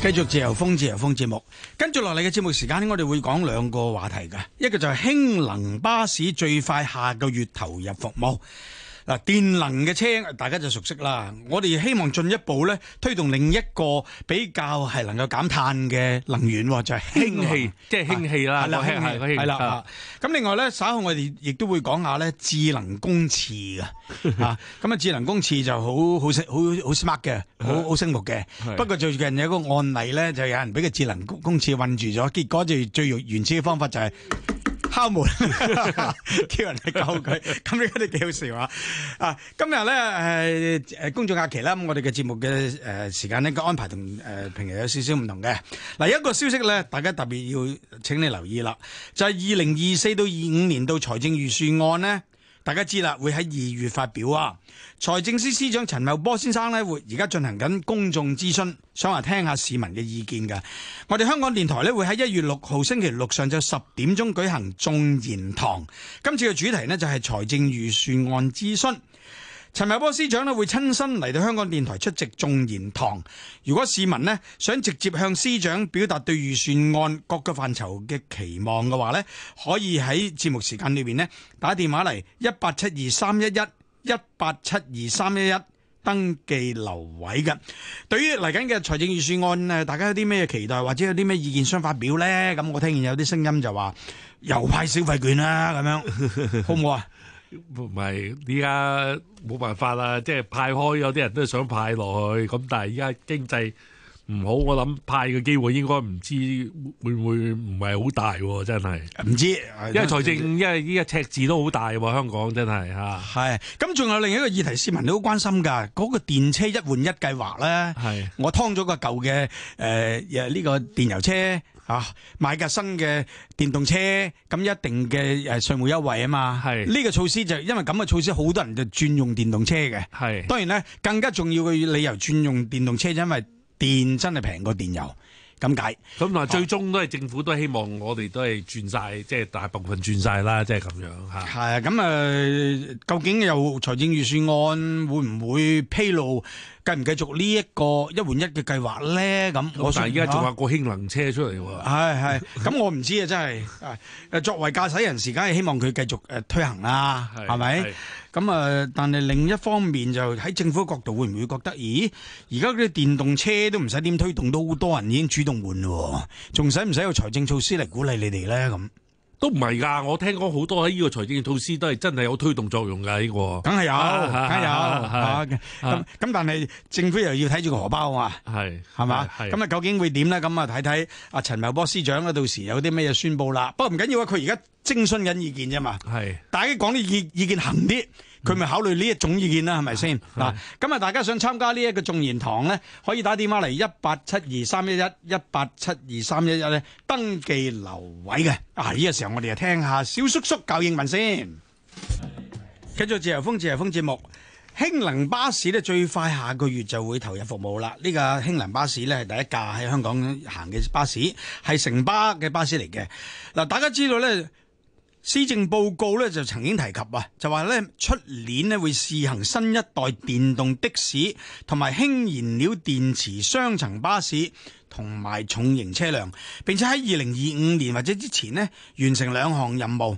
繼續自由風自由風節目，跟住落嚟嘅節目時間，我哋會講兩個話題㗎，一個就係氫能巴士最快下個月投入服務。嗱，電能嘅車大家就熟悉啦。我哋希望進一步咧推動另一個比較係能夠減碳嘅能源，就係氫氣，即係氫氣啦，係啦，係啦，係啦。咁另外咧，稍後我哋亦都會講下咧智能公廁嘅。嚇，咁啊智能公廁就好好好，好好 smart 嘅，好好醒目嘅。不過最近有個案例咧，就有人俾個智能公廁困住咗，結果就最原始嘅方法就係。敲門， 叫人嚟救佢，咁 呢啲幾好笑啊！啊、呃，今日咧係誒公眾假期啦，咁、呃、我哋嘅節目嘅誒、呃、時間呢個安排、呃、點點同誒平日有少少唔同嘅。嗱、呃，一個消息咧，大家特別要請你留意啦，就係二零二四到二五年度財政預算案咧。大家知啦，會喺二月發表啊。財政司司長陳茂波先生呢，會而家進行緊公眾諮詢，想話聽下市民嘅意見噶。我哋香港電台呢會喺一月六號星期六上晝十點鐘舉行眾言堂，今次嘅主題呢，就係財政預算案諮詢。陳茂波司長呢，會親身嚟到香港電台出席眾言堂。如果市民呢想直接向司長表達對預算案各個範疇嘅期望嘅話呢，可以喺節目時間裏邊呢打電話嚟一八七二三一一一八七二三一一登記留位㗎。對於嚟緊嘅財政預算案誒，大家有啲咩期待或者有啲咩意見想發表呢？咁我聽見有啲聲音就話又、嗯、派消費券啦，咁樣好唔好啊？ 唔係，依家冇辦法啦，即係派開有啲人都係想派落去，咁但係依家經濟唔好，我諗派嘅機會應該唔知會唔會唔係好大，真係唔知，因為財政因為依家赤字都好大，香港真係吓。係，咁仲有另一個議題，市民都好關心㗎，嗰、那個電車一換一計劃咧，是我劏咗個舊嘅誒，誒、呃、呢、這個電油車。啊！買架新嘅電動車，咁一定嘅誒稅務優惠啊嘛。係呢個措施就因為咁嘅措施，好多人就轉用電動車嘅。係當然咧，更加重要嘅理由轉用電動車，因為電真係平過電油咁解。咁同埋最終都係政府都希望我哋都係轉曬，即係大部分轉曬啦，即係咁樣嚇。係啊，咁誒，究竟有財政預算案會唔會披露？繼唔繼續呢一個一換一嘅計劃咧？咁但係而家仲有個氫能車出嚟喎。係係，咁我唔知啊，真係。誒，作為駕駛人士，梗係希望佢繼續誒推行啦，係咪？咁啊，但係另一方面就喺政府角度會唔會覺得，咦？而家嗰啲電動車都唔使點推動，都好多人已經主動換咯，仲使唔使有財政措施嚟鼓勵你哋咧？咁？都唔係噶，我聽講好多喺呢個財政措施都係真係有推動作用㗎，呢個。梗係有，梗 有。咁咁，但係政府又要睇住個荷包啊嘛。係 吧，係嘛？咁啊，究竟會點咧？咁啊，睇睇阿陳茂波司長到時有啲咩嘢宣佈啦。不過唔緊要啊，佢而家徵詢緊意見啫嘛。係是。大家講啲意意見行啲。佢咪考慮呢一種意見啦，係咪先嗱？咁啊的，大家想參加呢一個眾言堂呢，可以打電話嚟一八七二三一一一八七二三一一呢登記留位嘅。啊，呢、這個時候我哋就聽下小叔叔教英文先。的繼續自由風自由風節目。氫能巴士呢，最快下個月就會投入服務啦。呢、這個氫能巴士呢，係第一架喺香港行嘅巴士，係城巴嘅巴士嚟嘅。嗱，大家知道呢。施政報告咧就曾經提及啊，就話咧出年咧會試行新一代電動的士同埋氫燃料電池雙層巴士同埋重型車輛，並且喺二零二五年或者之前咧完成兩項任務。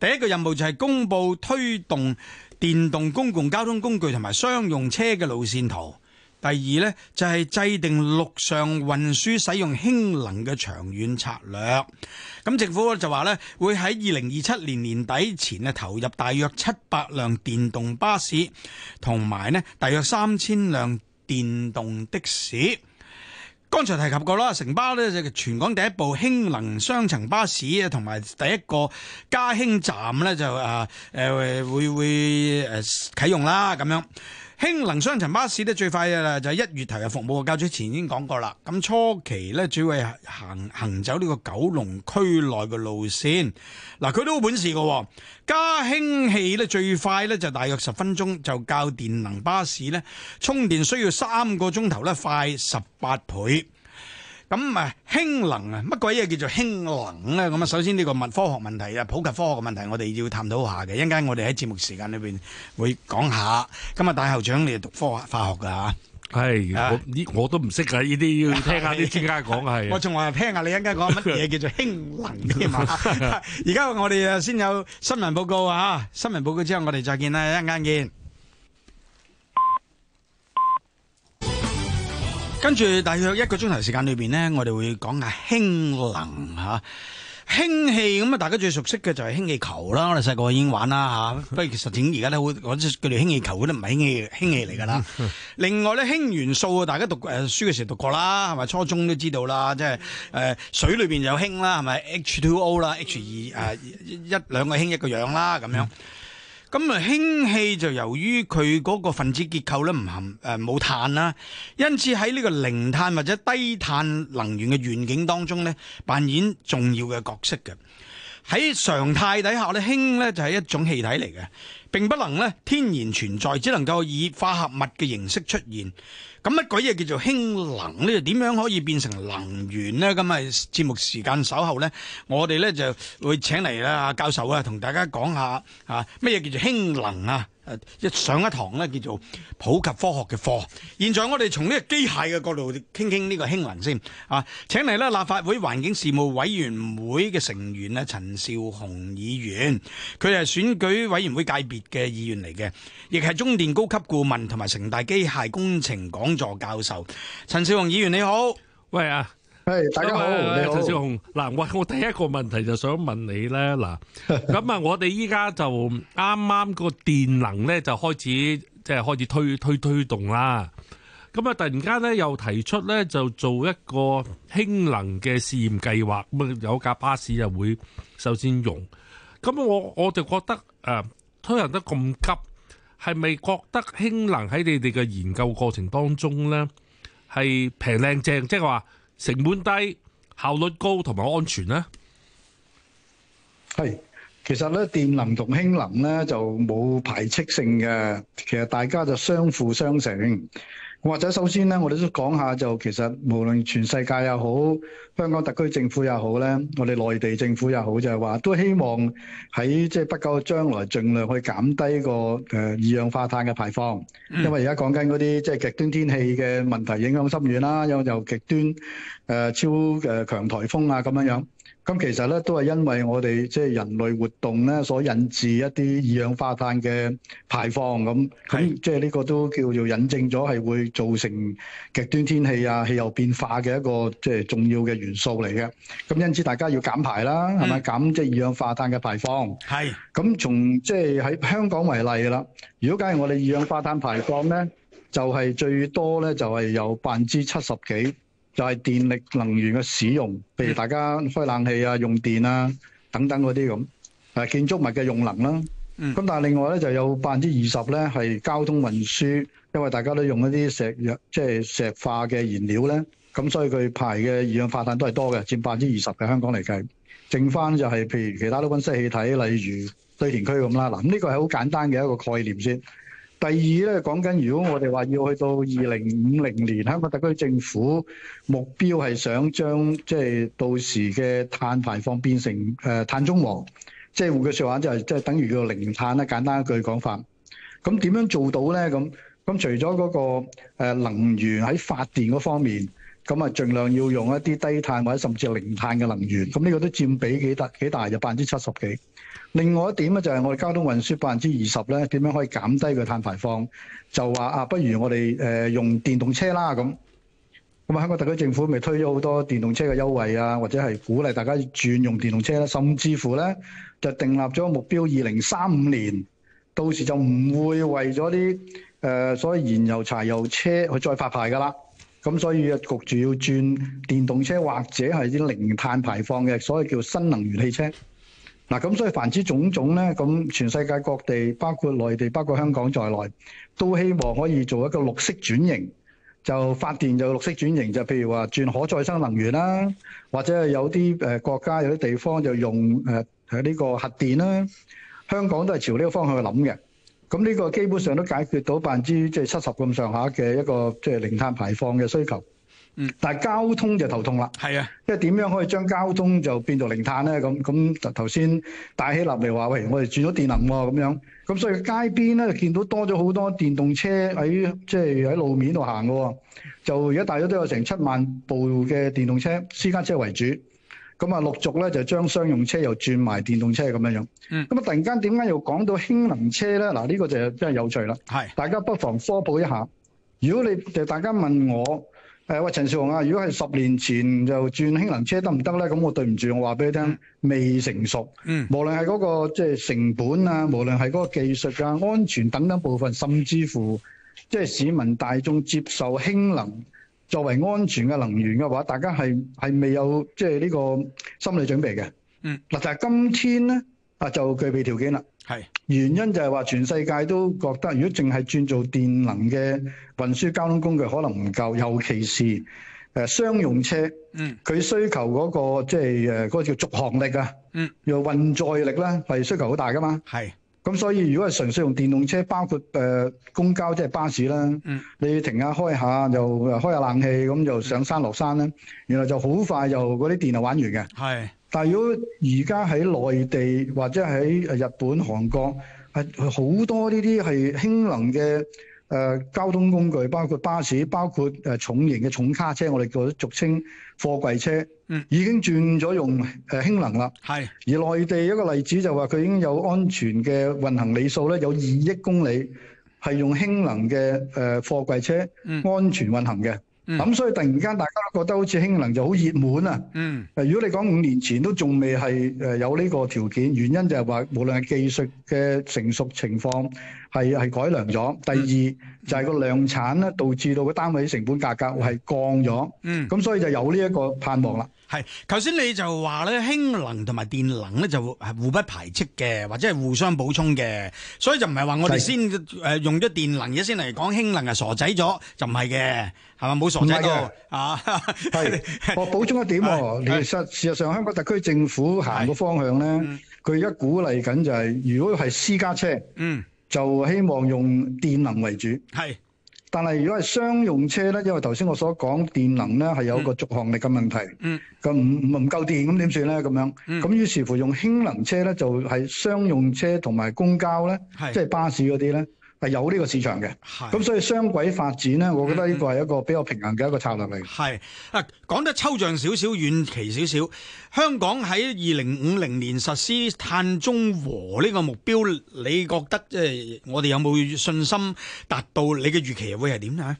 第一個任務就係公佈推動電動公共交通工具同埋商用車嘅路線圖。第二呢，就係制定陸上運輸使用氫能嘅長遠策略。咁政府就話呢，會喺二零二七年年底前啊投入大約七百輛電動巴士，同埋呢大約三千輛電動的士。剛才提及過啦，城巴呢就全港第一部氫能雙層巴士同埋第一個加氫站呢，就啊誒會會誒、呃、啟用啦咁樣。氫能雙層巴士咧，最快嘅啦，就係一月頭嘅服務。我之前已經講過啦。咁初期咧，主要係行行走呢個九龍區內嘅路線。嗱，佢都好本事噶加氫氣咧，最快咧，就大約十分鐘，就較電能巴士咧，充電需要三個鐘頭咧，快十八倍。咁啊，氫能啊，乜鬼嘢叫做氫能咧？咁啊，首先呢個物科學問題啊，普及科學嘅問題，我哋要探討下嘅。一陣間我哋喺節目時間裏邊會講下。今日大校長你讀科化學噶吓？係，依我都唔識噶，呢啲要聽下啲專家講係。我仲話聽下你一陣間講乜嘢叫做氫能添啊？而家我哋啊先有新聞報告啊，新聞報告之後我哋再見啦，一陣間見。跟住大約一個鐘頭時間裏邊咧，我哋會講下氫能吓，氫氣咁啊，大家最熟悉嘅就係氫氣球啦，我哋細個已經玩啦吓、啊。不如其實點而家咧，我知佢哋氫氣球嗰啲唔係氫氣，氫氣嚟噶啦。 另外咧，氫元素啊，大家讀誒、呃、書嘅時候讀過啦，係咪初中都知道啦，即係誒、呃、水裏邊有氫啦，係咪 H two O 啦，H 二誒、呃、一兩個氫一個氧啦，咁樣。 咁啊，氫氣就由於佢嗰個分子結構咧，唔含誒、冇碳啦，因此喺呢個零碳或者低碳能源嘅願景當中咧，扮演重要嘅角色嘅。喺常態底下咧，氫咧就係一種氣體嚟嘅，並不能咧天然存在，只能夠以化合物嘅形式出現。咁乜鬼嘢叫做氫能咧？點樣可以變成能源呢？咁啊節目時間稍後咧，我哋咧就會請嚟啦，教授啊，同大家講下啊，乜嘢叫做氫能啊？一上一堂咧，叫做普及科學嘅課。現在我哋從呢個機械嘅角度傾傾呢個氫能先啊！請嚟咧立法會環境事務委員會嘅成員咧，陳紹雄議員，佢係選舉委員會界別嘅議員嚟嘅，亦係中電高級顧問同埋城大機械工程講座教授。陳紹雄議員你好，喂啊！Hey, 大家好，陳 Hey, 好紹雄嗱。我我第一個問題就想問你咧嗱，咁啊，我哋依家就啱啱個電能咧就開始即係、就是、開始推推推動啦。咁啊，突然間咧又提出咧就做一個氫能嘅試驗計劃，咁啊有架巴士就會首先用。咁我我就覺得誒、呃，推行得咁急，係咪覺得氫能喺你哋嘅研究過程當中咧係平靚正？即係話。成本低、效率高同埋安全呢，係其實咧電能同氫能咧就冇排斥性嘅，其實大家就相輔相成。或者首先咧，我哋都講下就其實無論全世界又好，香港特區政府又好咧，我哋內地政府又好就，就係話都希望喺即係不久將來盡量去減低個誒、呃、二氧化碳嘅排放，因為而家講緊嗰啲即係極端天氣嘅問題影響深遠啦，因為有又極端誒、呃、超誒強、呃、颱風啊咁樣樣。咁其實咧，都係因為我哋即係人類活動咧，所引致一啲二氧化碳嘅排放咁，係，即係呢個都叫做引證咗係會造成極端天氣啊、氣候變化嘅一個即係重要嘅元素嚟嘅。咁因此大家要減排啦，係咪減即係二氧化碳嘅排放？係係。咁從即係喺香港為例啦，如果假如我哋二氧化碳排放咧，就係、係、最多咧就係、係、有百分之七十幾。就係電力能源嘅使用，譬如大家開冷氣啊、用電啊等等嗰啲咁，誒建築物嘅用能啦。咁、嗯、但係另外咧就有百分之二十咧係交通運輸，因為大家都用一啲石即係石化嘅燃料咧，咁所以佢排嘅二氧化碳都係多嘅，佔百分之二十嘅香港嚟計。剩翻就係譬如其他啲溫室氣體，例如堆填區咁啦。嗱，呢個係好簡單嘅一個概念先。第二咧講緊，如果我哋話要去到二零五零年，香港特區政府目標係想將即係、就是、到時嘅碳排放變成誒、呃、碳中和，即係換句説話就係即係等於叫零碳啦。簡單一句講法，咁點樣做到咧？咁咁除咗嗰個能源喺發電嗰方面，咁啊盡量要用一啲低碳或者甚至零碳嘅能源，咁呢個都佔比幾大幾大，就是、百分之七十幾。另外一點咧，就係我哋交通運輸百分之二十咧，點樣可以減低個碳排放？就話啊，不如我哋誒、呃、用電動車啦咁。咁啊、嗯，香港特區政府咪推咗好多電動車嘅優惠啊，或者係鼓勵大家轉用電動車啦，甚至乎咧就訂立咗目標二零三五年，到時就唔會為咗啲誒，所謂燃油柴油車去再發牌噶啦。咁、嗯、所以啊，焗住要轉電動車或者係啲零碳排放嘅，所謂叫新能源汽車。嗱，咁所以凡之種種咧，咁全世界各地，包括內地、包括香港在內，都希望可以做一個綠色轉型，就發電就綠色轉型，就譬如話轉可再生能源啦，或者係有啲誒國家有啲地方就用誒喺呢個核電啦。香港都係朝呢個方向去諗嘅。咁呢個基本上都解決到百分之即係七十咁上下嘅一個即係零碳排放嘅需求。嗯，但係交通就頭痛啦。係啊，因為點樣可以將交通就變做零碳咧？咁咁就頭先戴希立嚟話，喂，我哋轉咗電能喎，哦，咁樣咁，所以街邊咧就見到多咗好多電動車喺即係喺路面度行噶，就而家大約都有成七萬部嘅電動車，私家車為主。咁啊，陸續咧就將商用車又轉埋電動車咁樣樣。嗯，咁啊，突然間點解又講到氫能車咧？嗱，呢個就真係有趣啦。係，大家不妨科普一下。如果你就大家問我。誒喂，陳紹雄啊，如果係十年前就轉氫能車得唔得咧？咁我對唔住，我話俾你聽，未成熟。嗯，無論係嗰個即係成本啊，無論係嗰個技術啊、安全等等部分，甚至乎即係市民大眾接受氫能作為安全嘅能源嘅話，大家係係未有即係呢個心理準備嘅。嗯。嗱，但係今天咧啊，就具備條件啦。係是原因就係話，全世界都覺得如果淨係轉做電能嘅運輸交通工具，可能唔夠，尤其是誒商用車，嗯，佢需求嗰、那個即係誒嗰個叫續航力啊，嗯，又運載力啦，係需求好大噶嘛，係是，咁所以如果係純粹用電動車，包括誒公交即係、就是、巴士啦，嗯，你停下開下又開下冷氣，咁就上山落山啦，原來就好快就嗰啲電就玩完嘅，係。但如果而家喺內地或者喺日本、韓國，係好多呢啲係氫能嘅誒、呃、交通工具，包括巴士，包括誒重型嘅重卡車，我哋叫做俗稱貨櫃車，嗯，已經轉咗用誒氫能啦。係是。而內地一個例子就話佢已經有安全嘅運行里數咧，有二億公里係用氫能嘅誒、呃、貨櫃車、嗯、安全運行嘅。咁、嗯、所以突然間大家都覺得好似氫能就好熱門啊。嗯，誒，如果你講五年前都仲未係誒有呢個條件，原因就係話無論係技術嘅成熟情況。係係改良咗，第二就係個量產咧，導致到個單位成本價格係降咗。嗯，咁所以就有呢一個盼望啦。係，頭先你就話咧，氫能同埋電能咧就係互不排斥嘅，或者係互相補充嘅，所以就唔係話我哋先誒用咗電能嘅先嚟講氫能係的傻仔咗，就唔係嘅，係嘛，冇傻仔噶。啊，係我補充一點，其實事實上香港特區政府行個方向咧，佢而家鼓勵緊就係、是、如果係私家車，嗯。就希望用電能為主，係是。但係如果係商用車呢，因為頭先我所講電能呢係有個續航力嘅問題，嗯，咁唔唔唔夠電咁點算呢？咁樣，咁、嗯、於是乎用氫能車呢，就係、是、商用車同埋公交呢，是即係巴士嗰啲呢。係有呢個市場嘅，咁係，所以雙軌發展咧，我覺得呢個係一個比較平衡嘅一個策略嚟。係啊，講得抽象少少、遠期少少。香港喺二零五零年實施碳中和呢個目標，你覺得即係、呃、我哋有冇信心達到？你嘅預期會係點樣？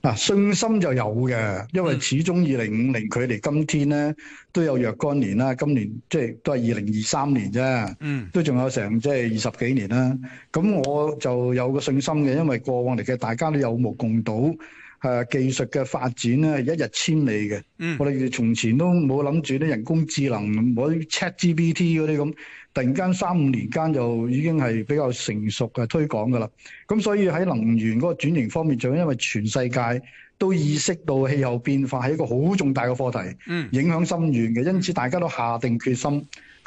嗱，信心就有嘅，因為始終二零五零距離今天咧都有若干年啦，今年即係都係二零二三年啫，嗯，都仲有成即係二十幾年啦。咁我就有個信心嘅，因為過往嚟嘅，大家都有目共睹，誒、呃，技術嘅發展咧一日千里嘅，嗯，我哋從前都冇諗住啲人工智能，冇啲 ChatGPT 嗰啲咁。突然間三五年間就已經係比較成熟嘅推廣㗎啦，咁所以喺能源嗰個轉型方面，就因為全世界都意識到氣候變化係一個好重大嘅課題，嗯，影響深遠嘅，因此大家都下定決心。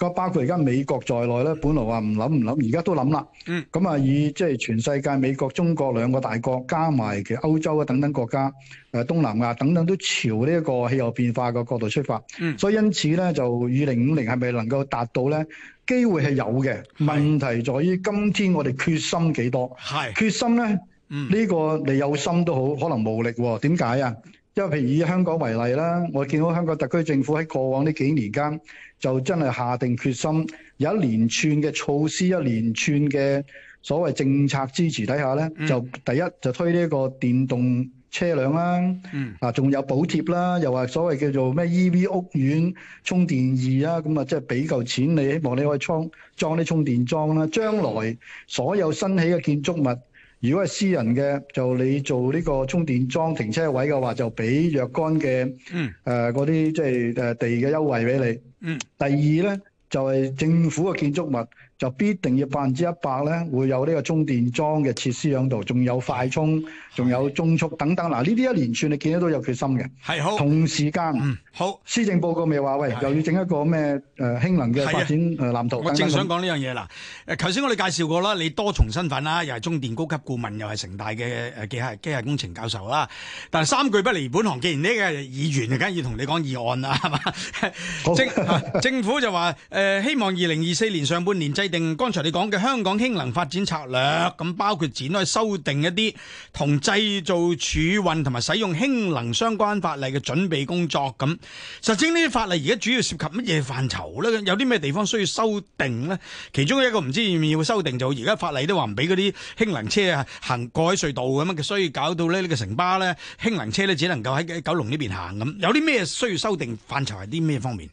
包括而家美國在內咧，本來話唔諗唔諗，而家都諗啦。嗯，咁啊以即係、就是、全世界美國、中國兩個大國，加埋其實歐洲啊等等國家，誒東南亞等等都朝呢一個氣候變化個角度出發。嗯，所以因此咧就二零五零係咪能夠達到咧？機會係有嘅，是問題在於今天我哋決心幾多？係是決心咧？嗯，呢個你有心都好，可能無力喎？點解啊？因為譬如以香港為例啦，我見到香港特區政府喺過往呢幾年間就真係下定決心，有一連串嘅措施，一連串嘅所謂政策支持底下咧，就第一就推呢一個電動車輛啦，啊，仲有補貼啦，又話所謂叫做咩 EV 屋苑充電易啊，咁啊即係俾夠錢你，希望你可以裝裝啲充電樁啦，將來所有新起嘅建築物。如果係私人嘅，就你做呢個充電樁停車的位嘅話，就俾若干嘅誒嗰啲即係誒地嘅優惠俾你。嗯、第二咧就係、是、政府嘅建築物。就必定要百分之一百咧，會有呢個充電樁嘅設施響度，仲有快充，仲有中速等等。嗱，呢啲一連串你見到都有決心嘅。係好同時間，嗯、好。施政報告未話喂，啊、又要整一個咩誒、呃、氫能嘅發展誒、啊呃、藍圖等等。我正想講呢樣嘢啦。誒，頭先我哋介紹過啦，你多重身份啦，又係中電高級顧問，又係城大嘅誒機械機械工程教授啦。但三句不離本行，既然呢個議員梗係要同你講議案啦，係 嘛好？政 政府就話誒，希望二零二四年上半年制定剛才你講嘅香港氫能發展策略，咁包括展開修訂一啲同製造、儲運同埋使用氫能相關法例嘅準備工作。咁，實際呢啲法例而家主要涉及乜嘢範疇咧？有啲咩地方需要修訂咧？其中一個唔知要唔要修訂，就而家法例都話唔俾嗰啲氫能車啊行過喺隧道咁樣嘅，所以搞到咧呢個城巴咧氫能車咧只能夠喺九龍呢邊行咁。有啲咩需要修訂範疇係啲咩方面？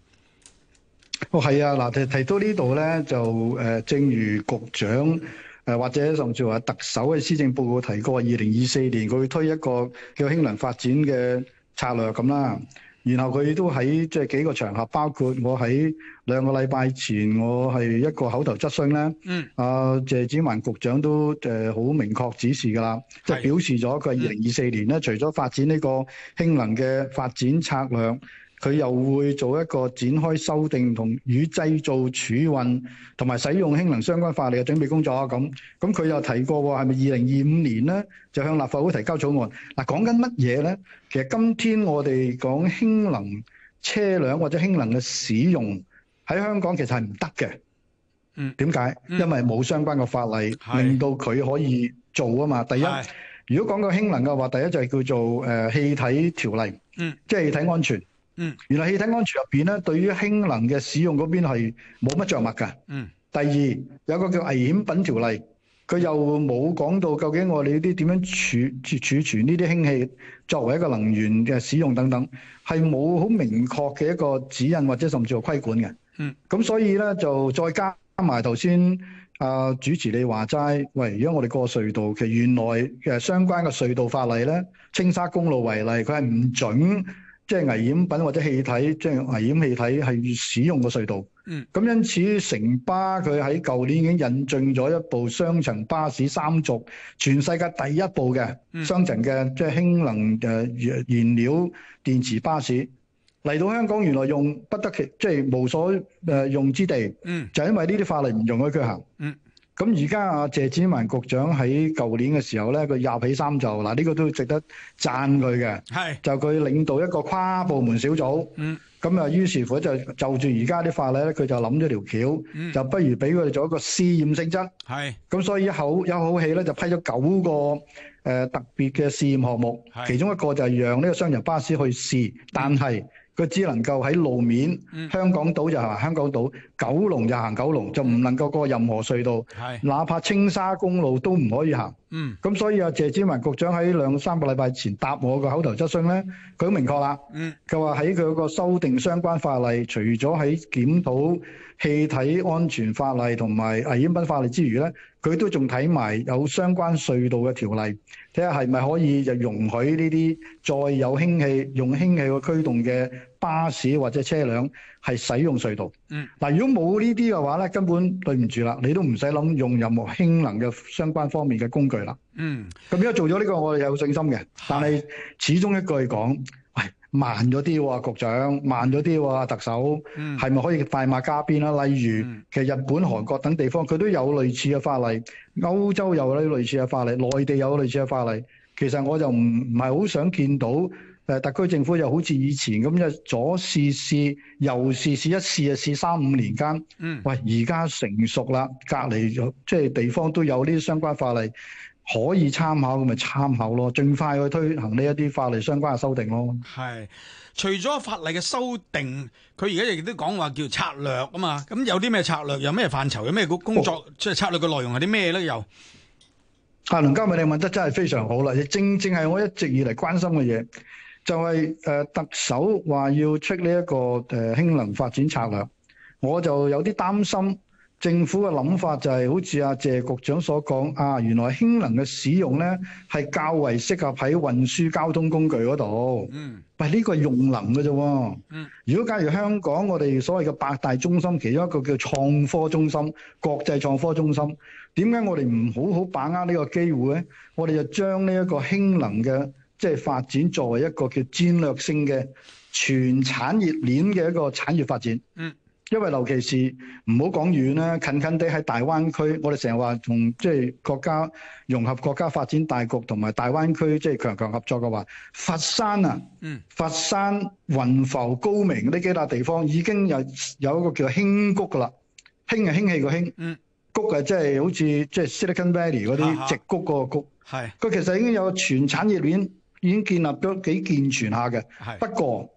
哦，係啊，嗱，提提到呢度咧，就誒、呃，正如局長誒、呃，或者甚至話特首嘅施政報告提過，二零二四年佢會推一個叫氫能發展嘅策略咁啦。然後佢都喺即係幾個場合，包括我喺兩個禮拜前，我係一個口頭質詢咧。嗯。阿、呃、謝展環局長都誒好、呃、明確指示㗎啦，就是、表示咗佢二零二四年咧，除咗發展呢個氫能嘅發展策略。佢又會做一個展開修訂同與製造、儲運同埋使用氫能相關法例嘅準備工作啊！咁咁佢又提過喎，係咪二零二五年呢？就向立法會提交草案。嗱、啊，講緊乜嘢呢？其實今天我哋講氫能車輛或者氫能嘅使用喺香港其實係唔得嘅。嗯。點解？嗯、因為冇相關嘅法例是令到佢可以做啊嘛。第一，是如果講到氫能嘅話，第一就係叫做誒、呃、氣體條例。嗯嗯、即係氣體安全。嗯，原來氣體安全入邊咧，對於氫能嘅使用嗰邊係冇乜着墨㗎。嗯，第二有個叫危險品條例，佢又冇講到究竟我哋啲點樣儲儲存呢啲氫氣作為一個能源嘅使用等等，係冇好明確嘅一個指引或者甚至係規管嘅。嗯，咁所以咧就再加埋頭先啊，主持你話齋，喂，如果我哋過隧道，其實原來嘅相關嘅隧道法例咧，青沙公路為例，佢係唔準。即係危險品或者氣體，即係危險氣體係使用個隧道。嗯，咁因此城巴佢喺舊年已經引進咗一部雙層巴士三軸，全世界第一部嘅雙層嘅即係氫能誒燃料電池巴士嚟到香港，原來用不得其即係無所誒用之地。嗯，就因為呢啲法例唔容許佢行。嗯。咁而家阿謝展文局長喺舊年嘅時候咧，佢廿起三就嗱，呢、這個都值得讚佢嘅。係是，就佢領導一個跨部門小組。嗯，咁啊，於是乎就就住而家啲法例咧，佢就諗咗條橋，嗯、就不如俾佢哋做一個試驗性質。係是，咁所以一口一口氣咧，就批咗九個誒、呃、特別嘅試驗項目，是其中一個就係讓呢個雙人巴士去試，嗯、但係。佢只能夠喺路面，嗯、香港島就行香港島，九龍，就行九龍，就唔能夠過任何隧道，係、嗯，哪怕青沙公路都唔可以行。嗯，咁所以啊，謝展寰局長喺兩三個禮拜前答我個口頭質詢咧，佢好明確啦。嗯，佢話喺佢嗰個修訂相關法例，除咗喺檢討氣體安全法例同埋危險品法例之餘咧，佢都仲睇埋有相關隧道嘅條例，睇下係咪可以就容許呢啲再有氫氣用氫氣嘅驅動嘅。巴士或者車輛係使用隧道。嗯。嗱，如果冇呢啲嘅話咧，根本對唔住啦，你都唔使諗用任何氫能嘅相關方面嘅工具啦。嗯。咁如果做咗呢、這個，我哋有信心嘅。但係始終一句講，喂，慢咗啲喎，局長，慢咗啲喎，特首。嗯。係咪可以快馬加鞭啦、啊？例如，嗯、其實日本、韓國等地方佢都有類似嘅法例，歐洲有咧類似嘅法例，內地有類似嘅法例。其實我就唔唔係好想見到。誒特區政府又好似以前咁，一左試試，右試試，一試就試三五年間。嗯，喂，而家成熟啦，隔籬即係地方都有呢啲相關法例可以參考，咁咪參考咯，盡快去推行呢一啲法例相關嘅修訂咯。係，除咗法例嘅修訂，佢而家亦都講話叫策略啊嘛。咁有啲咩策略？有咩範疇？有咩工作？即係、哦、策略嘅內容係啲咩咧？又阿梁嘉敏，你問得真係非常好啦！正正係我一直以嚟關心嘅嘢。就係誒特首話要出呢一個誒氫能發展策略，我就有啲擔心政府嘅諗法就係好似阿謝局長所講啊，原來氫能嘅使用呢係較為適合喺運輸交通工具嗰度。嗯，但係呢個用能嘅啫。嗯，如果假如香港我哋所謂嘅八大中心其中一個叫創科中心國際創科中心，點解我哋唔好好把握呢個機會呢？我哋就將呢一個氫能嘅。即係發展作為一個叫戰略性嘅全產業鏈嘅一個產業發展。嗯，因為尤其是唔好講遠啦，近近地喺大灣區，我哋成日話同即係國家融合國家發展大局同埋大灣區即係強強合作嘅話，佛山啊，嗯，佛山雲浮高明呢幾笪地方已經有有一個叫做興谷嘅啦，興係興氣個興，嗯，谷啊即係好似即係 Silicon Valley 嗰啲直谷嗰個谷，係，佢其實已經有全產業鏈。已經建立咗幾健全下嘅，的不過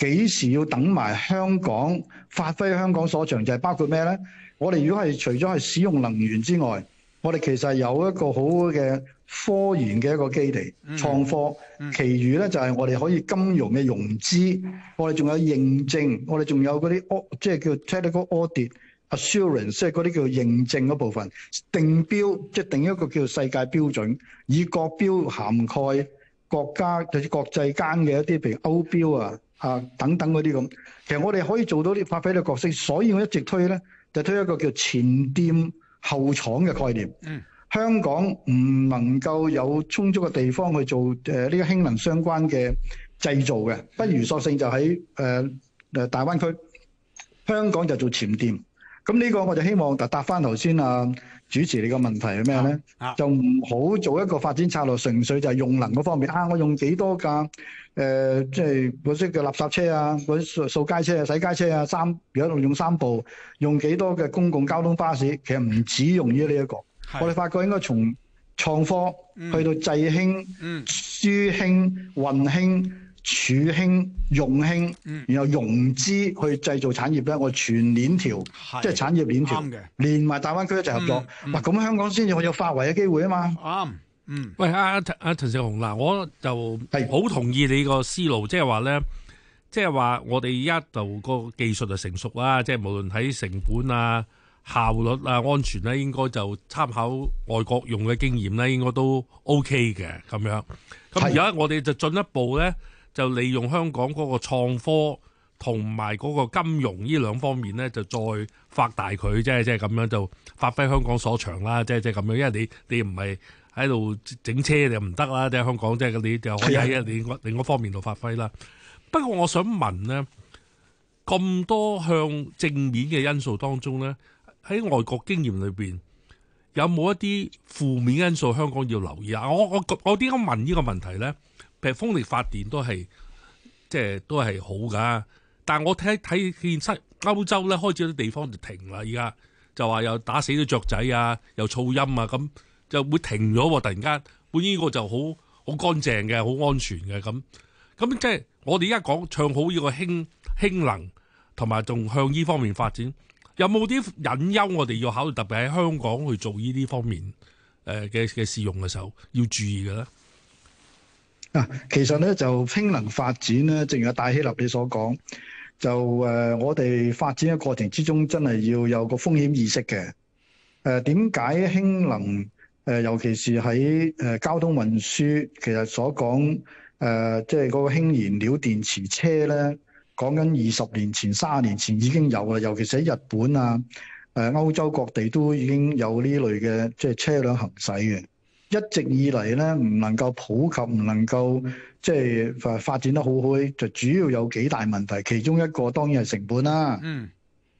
幾時要等埋香港發揮香港所長，就係、是、包括咩咧？我哋如果係除咗係使用能源之外，我哋其實有一個好嘅科研嘅一個基地創科。嗯嗯、其餘咧就係、是、我哋可以金融嘅融資，我哋仲有認證，我哋仲有嗰啲即係叫 technical audit assurance，即係嗰啲叫認證嗰部分定標，即、就、係、是、定一個叫世界標準，以國標涵蓋。國家，甚至國際間嘅一啲，譬如歐標啊、嚇、啊、等等嗰啲咁。其實我哋可以做到啲發揮嘅角色，所以我一直推咧，就推一個叫前店後廠嘅概念。嗯。香港唔能夠有充足嘅地方去做誒呢個氫能相關嘅製造嘅，不如索性就喺誒誒大灣區，香港就做前店。咁呢個我就希望，嗱搭翻頭先啊。主持你個問題係咩咧？啊、就唔好做一個發展策略，純粹就係用能嗰方面啊！我用幾多架誒、呃，即係嗰啲叫垃圾車啊、嗰啲掃街車啊、洗街車啊三，而家仲用三部，用幾多嘅公共交通巴士？其實唔止用於呢、這、一個，是我哋發覺應該從創科去到製興、輸、嗯、興、運興。儲興用興，然後融資去製造產業咧。嗯、我全鏈條，的即係產業鏈條嘅，的連埋大灣區一齊合作。咁香港先至會有發圍嘅機會啊嘛。啱，嗯。嗯嗯喂，阿、啊、阿陳紹雄嗱，我就好同意你個思路，即係話咧，即係話我哋而家就個技術就成熟啦。即、就、係、是、無論喺成本啊、效率啊、安全咧，應該就參考外國用嘅經驗咧，應該都 O K 嘅咁樣。咁而家我哋就進一步咧。就利用香港嗰個創科同埋嗰個金融呢兩方面咧，就再發大佢啫，即係咁樣就發揮香港所長啦，即係即係咁樣，因為你你唔係喺度整車就唔得啦，即係香港即係你就可以喺你另一方面度發揮啦。的不過我想問咧，咁多向正面嘅因素當中咧，喺外國經驗裏邊有冇一啲負面因素香港要留意啊？我我我點解問呢個問題咧？譬風力發電都係即係都係好㗎，但係我睇睇現實，歐洲咧開始有啲地方就停啦。而家就話又打死咗雀仔啊，又噪音啊，咁就會停咗喎。突然間，本呢個就好好乾淨嘅，好安全嘅咁。咁即係我哋而家講唱好呢個氫氫能，同埋仲向呢方面發展，有冇啲隱憂我哋要考慮？特別喺香港去做呢啲方面誒嘅嘅試用嘅時候要注意嘅咧？嗱、啊，其實咧就氫能發展咧，正如阿戴希立你所講，就誒、呃、我哋發展嘅過程之中，真係要有個風險意識嘅。誒點解氫能誒、呃，尤其是喺誒交通運輸，其實所講誒，即係嗰個氫燃料電池車咧，講緊二十年前、三十年前已經有啦，尤其是喺日本啊、誒、呃、歐洲各地都已經有呢類嘅即係車輛行駛嘅。一直以嚟咧，唔能夠普及，唔能夠即係誒發展得好好，就主要有幾大問題。其中一個當然係成本啦。嗯。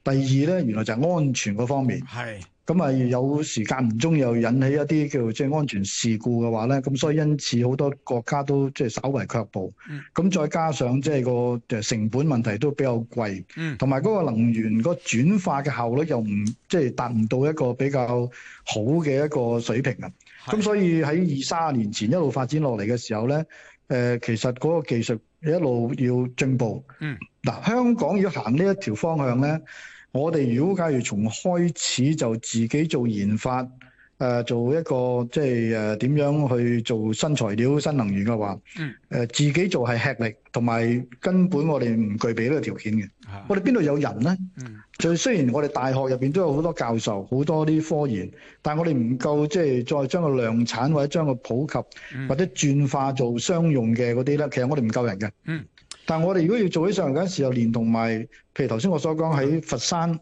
第二咧，原來就係安全嗰方面。係、嗯。咁啊，有時間唔中又引起一啲叫即係安全事故嘅話咧，咁所以因此好多國家都即係、就是、稍為卻步。咁、嗯、再加上即係個成本問題都比較貴。同埋嗰個能源個轉化嘅效率又唔即係達唔到一個比較好嘅一個水平啊！咁所以喺二三十年前一路發展落嚟嘅時候咧，誒、呃，其實嗰個技術一路要進步。嗯，嗱香港要行呢一條方向咧，我哋如果假如從開始就自己做研發。誒、呃、做一個即係誒點樣去做新材料、新能源嘅話，嗯，誒、呃、自己做係吃力，同埋根本我哋唔具備呢個條件嘅。啊、我哋邊度有人咧？嗯，就雖然我哋大學入邊都有好多教授、好多啲科研，但係我哋唔夠即係再將個量產或者將個普及、嗯、或者轉化做商用嘅嗰啲咧，其實我哋唔夠人嘅。嗯，但係我哋如果要做起上嚟嗰陣時，又連同埋譬如頭先我所講喺佛山、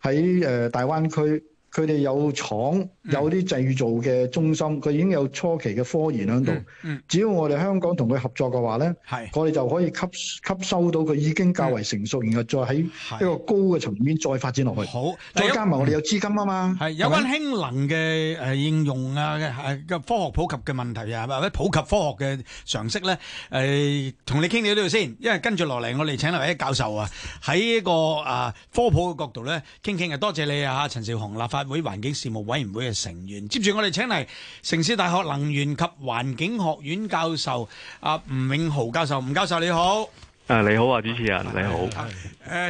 喺誒、呃、大灣區，佢哋有廠。有啲製造嘅中心，佢已經有初期嘅科研喺度。嗯嗯、只要我哋香港同佢合作嘅話咧，係是，我哋就可以吸吸收到佢已經較為成熟，是然後再喺一個高嘅層面再發展落去。好，再加埋我哋有資金啊嘛。係是吧有關氫能嘅誒應用啊嘅、啊、科學普及嘅問題啊，或者普及科學嘅常識咧，誒、啊，同你傾到呢度先，因為跟住落嚟我哋請嚟位教授啊，喺一個啊科普嘅角度咧傾傾啊，多謝你啊，陳紹雄立法會環境事務委員會嘅。成員。接住我哋請嚟城市大學能源及環境學院教授阿吳永豪教授，吳教授你好，誒你好啊，主持人你好，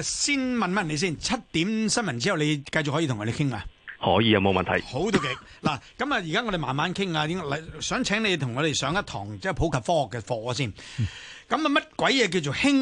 誒，先問問你先，七點新聞之後你繼續可以同我哋傾啊，可以啊冇問題，好到極嗱，咁啊而家我哋慢慢傾啊，想請你同我哋上一堂即係普及科學嘅課先。咁啊乜鬼嘢叫做氫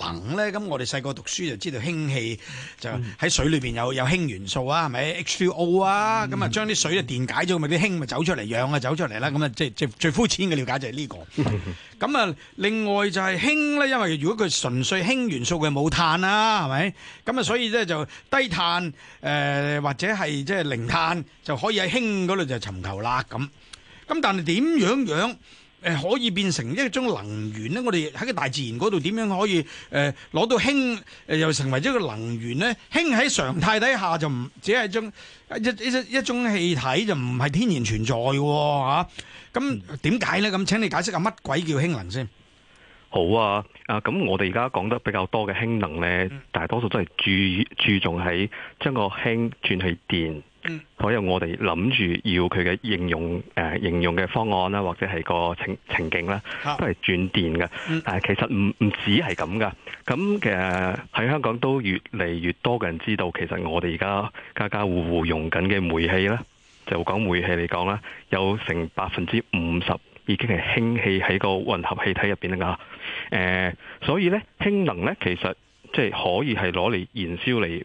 能咧？咁我哋細個讀書就知道氫氣就喺水裏邊有有氫元素啊，係咪 H2O 啊？咁啊將啲水啊電解咗，咪啲氫咪走出嚟氧啊走出嚟啦。咁啊即係即係最膚淺嘅了解就係呢個。咁啊另外就係氫咧，因為如果佢純粹氫元素嘅冇碳啦，係咪？咁啊所以咧就低碳誒或者係即係零碳就可以喺氫嗰度就尋求啦。咁咁但係點樣養？誒，可以變成一種能源咧？我哋喺個大自然嗰度點樣可以誒攞到氫？誒又成為一個能源咧？氫喺常態底下就唔只係一一種氣體，就唔係天然存在喎嚇。咁點解咧？咁請你解釋下乜鬼叫氫能先？好啊！啊，咁我哋而家講得比較多嘅氫能咧，大多數都係注注重喺將個氫轉去電。所以我，我哋諗住要佢嘅應用誒，應用嘅方案啦，或者係個情情景啦，都係轉電嘅。誒、啊，但其實唔唔止係咁噶。咁其實喺香港都越嚟越多嘅人知道，其實我哋而家家家戶戶用緊嘅煤氣咧，就講煤氣嚟講啦，有成百分之五十已經係氫氣喺個混合氣體入邊啊。誒、呃，所以咧氫能咧，其實即係可以係攞嚟燃燒嚟。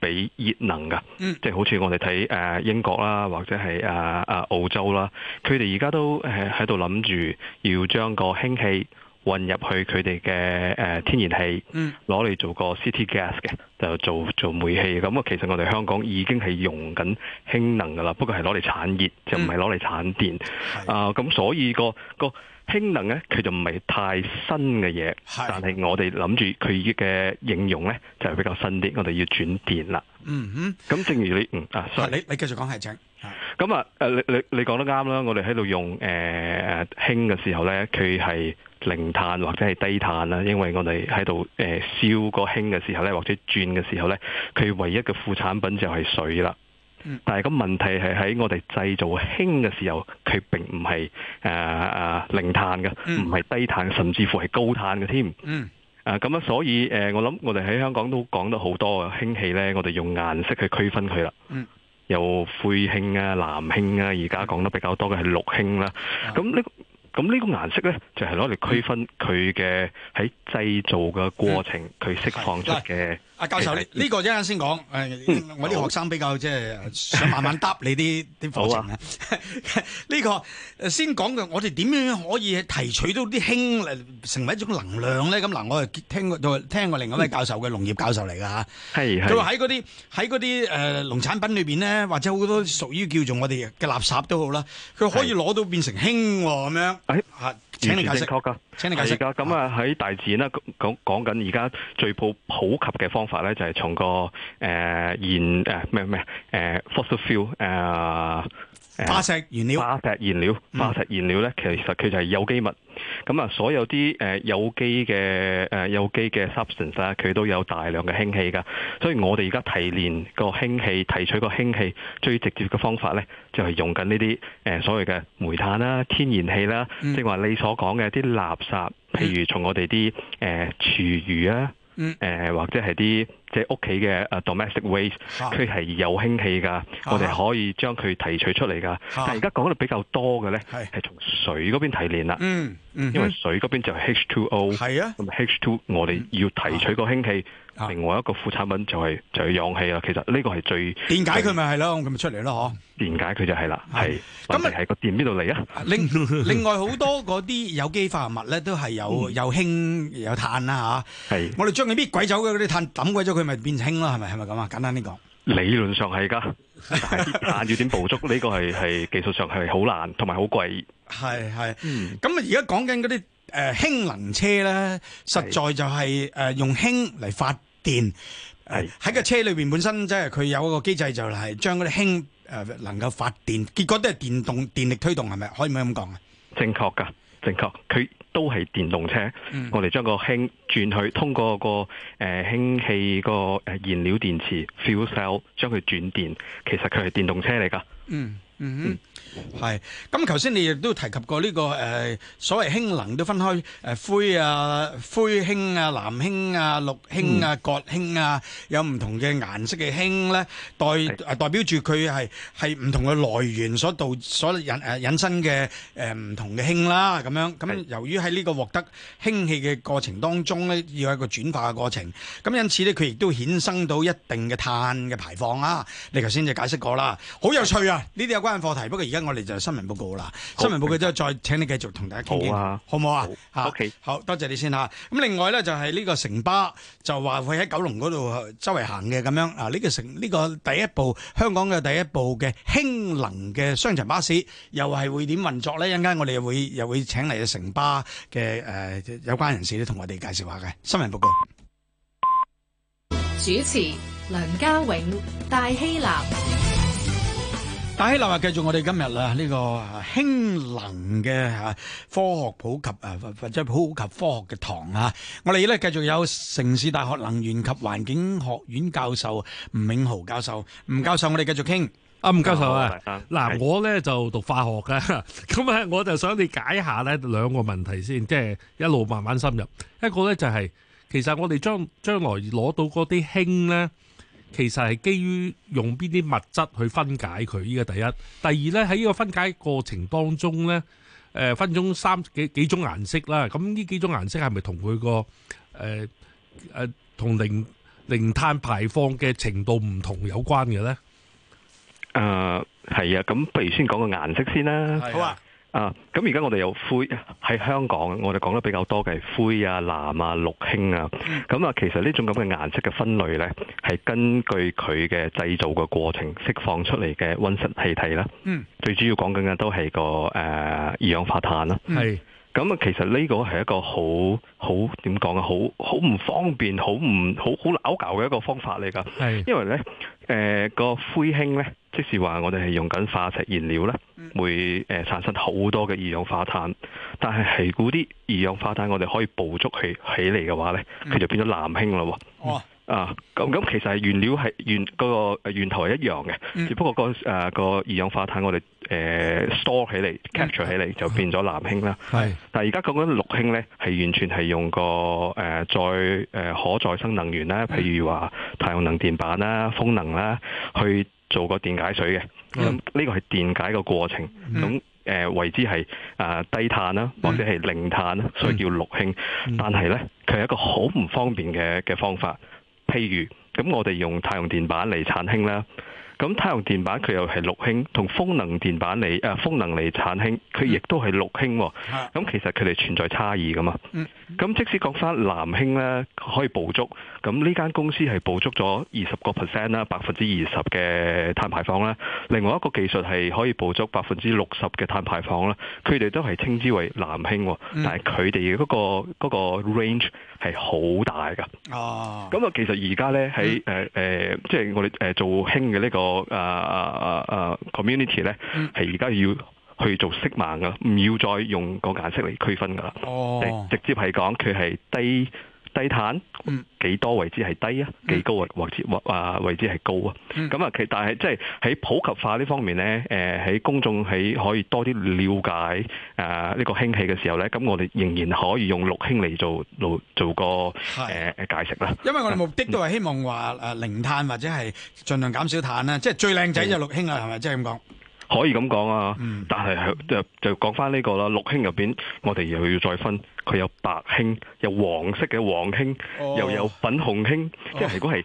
俾熱能噶，即係好似我哋睇誒英國啦，或者係啊啊澳洲啦，佢哋而家都係喺度諗住要將個氫氣混入去佢哋嘅誒天然氣攞嚟做個 city gas 嘅，就做做煤氣。咁啊，其實我哋香港已經係用緊氫能噶啦，不過係攞嚟產熱，就唔係攞嚟產電。啊、呃，咁、嗯的呃嗯、所以個、那個。那個氫能咧，佢就唔係太新嘅嘢，是但係我哋諗住佢嘅應用咧就係、是、比較新啲，我哋要轉電啦。嗯哼，咁正如你，嗯啊，你你繼續講係正。咁啊，誒，你你你講得啱啦。我哋喺度用誒氫嘅時候咧，佢係零碳或者係低碳啦，因為我哋喺度誒燒個氫嘅時候咧，或者轉嘅時候咧，佢唯一嘅副產品就係水啦。但係個問題係喺我哋製造氫嘅時候，佢並唔係誒誒零碳嘅，唔係、嗯、低碳，甚至乎係高碳嘅添。誒咁樣，啊、所以誒、呃、我諗我哋喺香港都講得好多氫氣咧，我哋用顏色去區分佢啦。嗯、有灰氫啊、藍氫啊，而家講得比較多嘅係綠氫啦、啊。咁、嗯這個、呢咁呢個顏色咧，就係攞嚟區分佢嘅喺製造嘅過程，佢釋、嗯、放出嘅。阿教授，你呢 Hey, hey, 個一陣先講。誒、嗯呃，我啲學生比較即係我、呃、想慢慢答你啲啲 課程啦。呢、啊、 個先講嘅，我哋點樣可以提取到啲氫，成為一種能量咧？咁嗱，我係聽過聽過另一位教授嘅農業教授嚟㗎嚇。係係 Hey, hey,，佢話喺嗰啲喺嗰啲誒農產品裏邊咧，或者好多屬於叫做我哋嘅垃圾都好啦，佢可以攞到變成氫喎咁樣。係。Hey. 請你正確噶。請你解釋噶。咁啊的，喺、嗯、大自然啦，講講緊而家最普普及嘅方法咧，就係從個誒現誒咩咩誒 fossil fuel 誒、呃。化石燃料，料，化石燃料，化石燃料咧，其實佢就係有機物，咁啊，所有啲誒有機嘅誒有機嘅 substance 啊，佢都有大量嘅氫氣噶，所以我哋而家提煉個氫氣、提取個氫氣，最直接嘅方法咧，就係用緊呢啲誒所謂嘅煤炭啦、天然氣啦，即係話你所講嘅啲垃圾，譬如從我哋啲誒廚餘啊。嗯，誒或者係啲即係屋企嘅誒 domestic waste，佢係有氫氣㗎，啊、我哋可以將佢提取出嚟㗎。啊、但係而家講得比較多嘅咧，係係從水嗰邊提煉啦、嗯。嗯，因為水嗰邊就係 H2O 係啊，咁 H2，我哋要提取個氫氣。嗯嗯。另外一個副產品就係就係氧氣啦，其實呢個係最電解佢咪係咯，咁咪出嚟咯嗬。電解佢就係啦，係咁係個電邊度嚟啊？另另外好多嗰啲有機化合物咧，都係有有氫有碳啦嚇。係我哋將佢搣鬼走嘅嗰啲碳抌鬼咗，佢咪變氫咯？係咪係咪咁啊？簡單啲講，理論上係噶，但係碳要點捕捉呢個係係技術上係好難同埋好貴。係係，嗯，咁啊而家講緊嗰啲誒氫能車咧，實在就係誒用氫嚟發。電喺個、uh, 是車裏邊本身即係佢有一個機制就係將嗰啲氫誒能夠發電，結果都係電動電力推動係咪？可以唔可以咁講啊？正確噶，正確，佢都係電動車。嗯、我哋將個氫轉去通過、個誒氫氣個誒燃料電池 fuel cell 將佢轉電，其實佢係電動車嚟噶。嗯。嗯哼，係。咁頭先你亦都提及過呢個誒，所謂氫能都分開誒灰啊、灰氫啊、藍氫啊、綠氫啊、各氫啊，有唔同嘅顏色嘅氫咧，代代表住佢係係唔同嘅來源所導所引誒引申嘅誒唔同嘅氫啦。咁樣咁由於喺呢個獲得氫氣嘅過程當中咧，要有一個轉化嘅過程，咁因此咧，佢亦都衍生到一定嘅碳嘅排放啊。你頭先就解釋過啦，好有趣啊！呢啲有關。班課題，不過而家我哋就新聞報告啦。好新聞報告之後再請你繼續同大家傾傾，好唔好啊？好 OK，好多謝你先吓。咁另外咧就係呢個城巴就話會喺九龍嗰度周圍行嘅咁樣啊。呢、這個城呢、這個第一部香港嘅第一部嘅氫能嘅雙層巴士又，又係會點運作咧？一陣間我哋會又會請嚟嘅城巴嘅誒、呃、有關人士咧，同我哋介紹下嘅新聞報告。主持梁家永、戴希娜。大起立啊！繼續我哋今日啊呢個氫能嘅啊科學普及啊，或者普及科學嘅堂啊，我哋咧繼續有城市大學能源及環境學院教授吳永豪教授，吳教授，我哋繼續傾。阿、啊、吳教授、哦、啊，嗱啦，啊、我咧就讀化學嘅，咁啊，我就想你解下咧兩個問題先，即係一路慢慢深入。一個咧就係其實我哋將將來攞到嗰啲氫咧。其實係基於用邊啲物質去分解佢。呢個第一，第二咧喺呢個分解過程當中咧，誒、呃、分中三幾幾種顏色啦，咁呢幾種顏色係咪同佢個誒誒同零零碳排放嘅程度唔同有關嘅咧？誒係、呃、啊，咁不如先講個顏色先啦。啊好啊。啊，咁而家我哋有灰喺香港，我哋講得比較多嘅係灰啊、藍啊、綠氫啊。咁啊，其實呢種咁嘅顏色嘅分類呢，係根據佢嘅製造嘅過程釋放出嚟嘅溫室氣體啦。嗯，最主要講緊嘅都係個誒、呃、二氧化碳啦。係，咁啊，嗯嗯、其實呢個係一個好好點講啊，好好唔方便、好唔好好拗嘅一個方法嚟噶。嗯、因為呢誒、呃、個灰氫呢。即是話我哋係用緊化石燃料咧，會誒、呃、產生好多嘅二氧化碳。但係係嗰啲二氧化碳，我哋可以捕捉起起嚟嘅話咧，佢就變咗藍氫咯。哦，啊，咁咁其實係原料係源嗰個源頭係一樣嘅，只不過個誒個二氧化碳我哋誒、呃、store 起嚟，capture 起嚟就變咗藍氫啦。係、嗯，但係而家講緊綠氫咧，係完全係用個誒、呃、再誒、呃、可再生能源啦，譬如話太陽能電板啦、風能啦去。做過電解水嘅，咁呢個係電解嘅過程，咁誒、嗯呃、為之係啊低碳啦，或者係零碳、嗯、所以叫綠氫。但係呢，佢係一個好唔方便嘅嘅方法。譬如咁，我哋用太陽電板嚟產氫啦，咁太陽電板佢又係綠氫，同風能電板嚟誒、呃、風能嚟產氫，佢亦都係綠氫。咁其實佢哋存在差異噶嘛。咁即使講翻藍氫咧，可以捕捉。咁呢間公司係捕捉咗二十個 percent 啦，百分之二十嘅碳排放啦。另外一個技術係可以捕捉百分之六十嘅碳排放啦。佢哋都係稱之為藍氫，但係佢哋嘅嗰個 range 係好大噶。哦，咁啊，其實而家咧喺誒誒，即係我哋誒做氫嘅呢個啊啊啊 community 咧，係而家要。去做色盲噶，唔要再用個顏色嚟區分噶啦。哦，oh. 直接係講佢係低低碳幾多位之係低啊，幾高或或或啊位置係、mm. 高啊。咁啊，其、mm. 但係即係喺普及化呢方面咧，誒、呃、喺公眾喺可以多啲了解啊呢、呃這個氫氣嘅時候咧，咁我哋仍然可以用綠氫嚟做做個誒、呃、是解釋啦。因為我哋目的都係希望話誒零碳或者係儘量減少碳啦，即係最靚仔就綠氫啦，係咪即係咁講？是可以咁講啊，但係就就講翻呢個啦。綠氫入邊，我哋又要再分，佢有白氫，有黃色嘅黃氫，oh. 又有粉紅氫。Oh. 即係如果係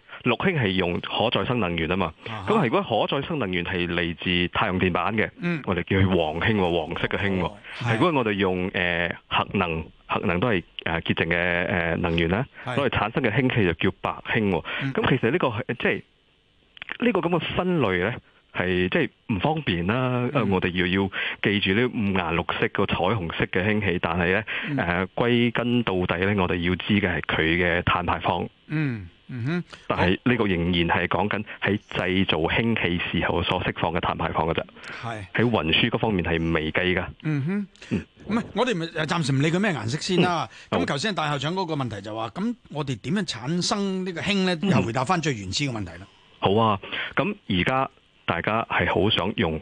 綠氫係用可再生能源啊嘛，咁、uh huh. 如果可再生能源係嚟自太陽電板嘅，uh huh. 我哋叫佢黃氫，黃色嘅氫。Uh huh. 如果我哋用誒、呃、核能，核能都係誒、呃、潔淨嘅誒能源啦，所以、uh huh. 產生嘅氫氣就叫白氫。咁、uh huh. 其實呢個即係呢、呢個咁嘅分類呢。係即係唔方便啦，嗯呃、我哋又要，要記住呢五顏六色個彩虹色嘅氫氣，但係咧，誒歸、嗯呃、根到底咧，我哋要知嘅係佢嘅碳排放。嗯嗯哼，但係呢個仍然係講緊喺製造氫氣時候所釋放嘅碳排放噶啫。係喺運輸嗰方面係未計噶。嗯哼，唔、哦、係我哋咪暫時唔理佢咩顏色先啦。咁頭先大校長嗰個問題就話，咁我哋點樣產生個呢個氫咧？又回答翻最原始嘅問題啦、嗯。好啊，咁而家。大家係好想用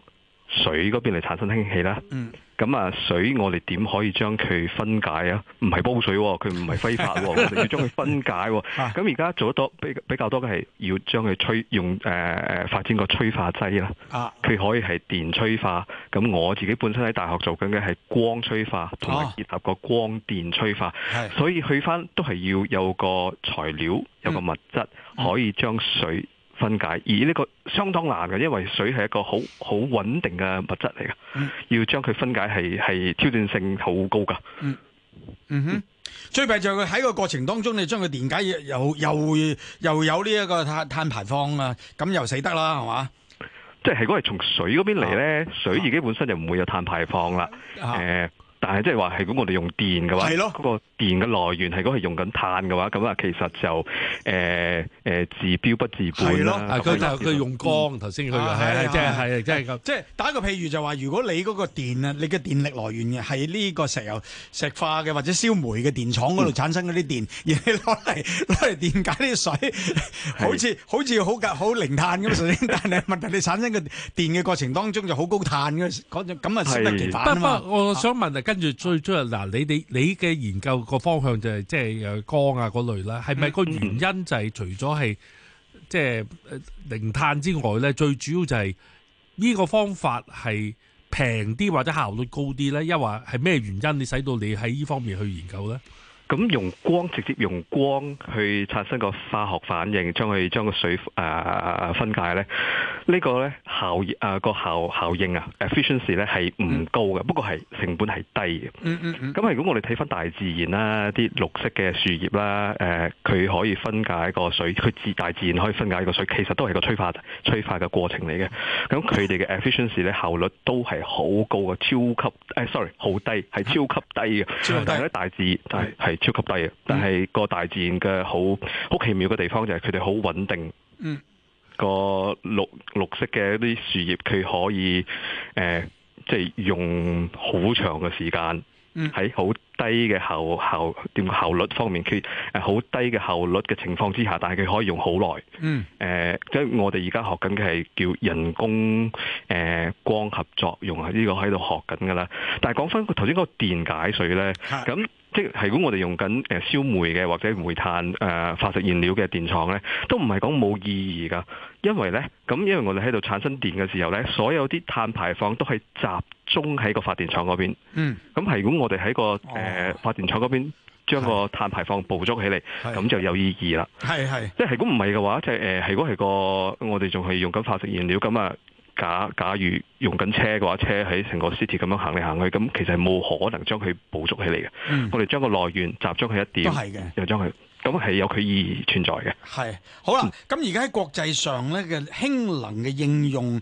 水嗰邊嚟產生氫氣啦。嗯，咁啊，水我哋點可以將佢分解啊？唔係煲水，佢唔係揮發，我哋要將佢分解。咁而家做得多比比較多嘅係要將佢催用誒誒、呃，發展個催化劑啦。啊，佢可以係電催化。咁我自己本身喺大學做緊嘅係光催化，同埋結合個光電催化。啊，所以去翻都係要有個材料，有個物質可以將水。嗯嗯嗯分解，而呢個相當難嘅，因為水係一個好好穩定嘅物質嚟噶，嗯、要將佢分解係係挑戰性好高噶、嗯。嗯哼，最弊就係佢喺個過程當中，你將佢電解又又又，又有呢一個碳碳排放啊，咁又死得啦，係嘛？即係如果係從水嗰邊嚟呢，水自己本身就唔會有碳排放啦。誒、啊。啊呃但係即係話，如果我哋用電嘅話，個電嘅來源係如果係用緊碳嘅話，咁啊其實就誒誒治標不治本啦。佢用光頭先，佢係即係即係即係打個譬如，就話，如果你嗰個電啊，你嘅電力來源嘅係呢個石油石化嘅或者燒煤嘅電廠嗰度產生嗰啲電，而你攞嚟攞嚟電解啲水，好似好似好噶好零碳咁，但係問題你產生嘅電嘅過程當中就好高碳嘅，咁咁啊出得奇反啊嘛。我想問啊。跟住最出嗱，你你你嘅研究個方向就係即係光啊嗰類啦，係咪個原因就係除咗係即係零碳之外咧，最主要就係呢個方法係平啲或者效率高啲咧？一話係咩原因使你使到你喺呢方面去研究咧？咁用光直接用光去產生個化學反應，將佢將個水誒、呃、分解咧？呢個咧效啊個效應效應啊 efficiency 咧係唔高嘅，嗯、不過係成本係低嘅、嗯。嗯嗯嗯。咁如果我哋睇翻大自然啦，啲綠色嘅樹葉啦，誒、呃、佢可以分解一個水，佢自大自然可以分解一個水，其實都係個催化催化嘅過程嚟嘅。咁佢哋嘅 efficiency 咧效率都係好高嘅，超級誒、哎、sorry，好低係超級低嘅。超低。但係喺大自然係係、嗯、超級低嘅，但係個大自然嘅好好奇妙嘅地方就係佢哋好穩定。嗯。個綠綠色嘅一啲樹葉，佢可以誒、呃，即係用好長嘅時間，喺好、嗯、低嘅效效點效率方面，佢誒好低嘅效率嘅情況之下，但係佢可以用好耐。誒、嗯呃，即係我哋而家學緊嘅係叫人工誒、呃、光合作用啊，呢、這個喺度學緊㗎喇。但係講翻頭先嗰個電解水咧，咁的。即係如果我哋用緊誒燒煤嘅或者煤炭誒、呃、化石燃料嘅電廠呢，都唔係講冇意義㗎，因為呢，咁因為我哋喺度產生電嘅時候呢，所有啲碳排放都係集中喺個發電廠嗰邊。嗯，咁係如果我哋喺個誒、哦呃、發電廠嗰邊將個碳排放捕捉起嚟，咁是就有意義啦。係係，即係如果唔係嘅話，即係係、呃、如果係個我哋仲係用緊化石燃料咁啊。假假如用緊車嘅話，車喺成個 city 咁樣行嚟行去，咁其實係冇可能將佢捕捉起嚟嘅。我哋將個來源集中佢一點，又將佢，咁係有佢意義存在嘅。係，好啦，咁而家喺國際上咧嘅氫能嘅應用，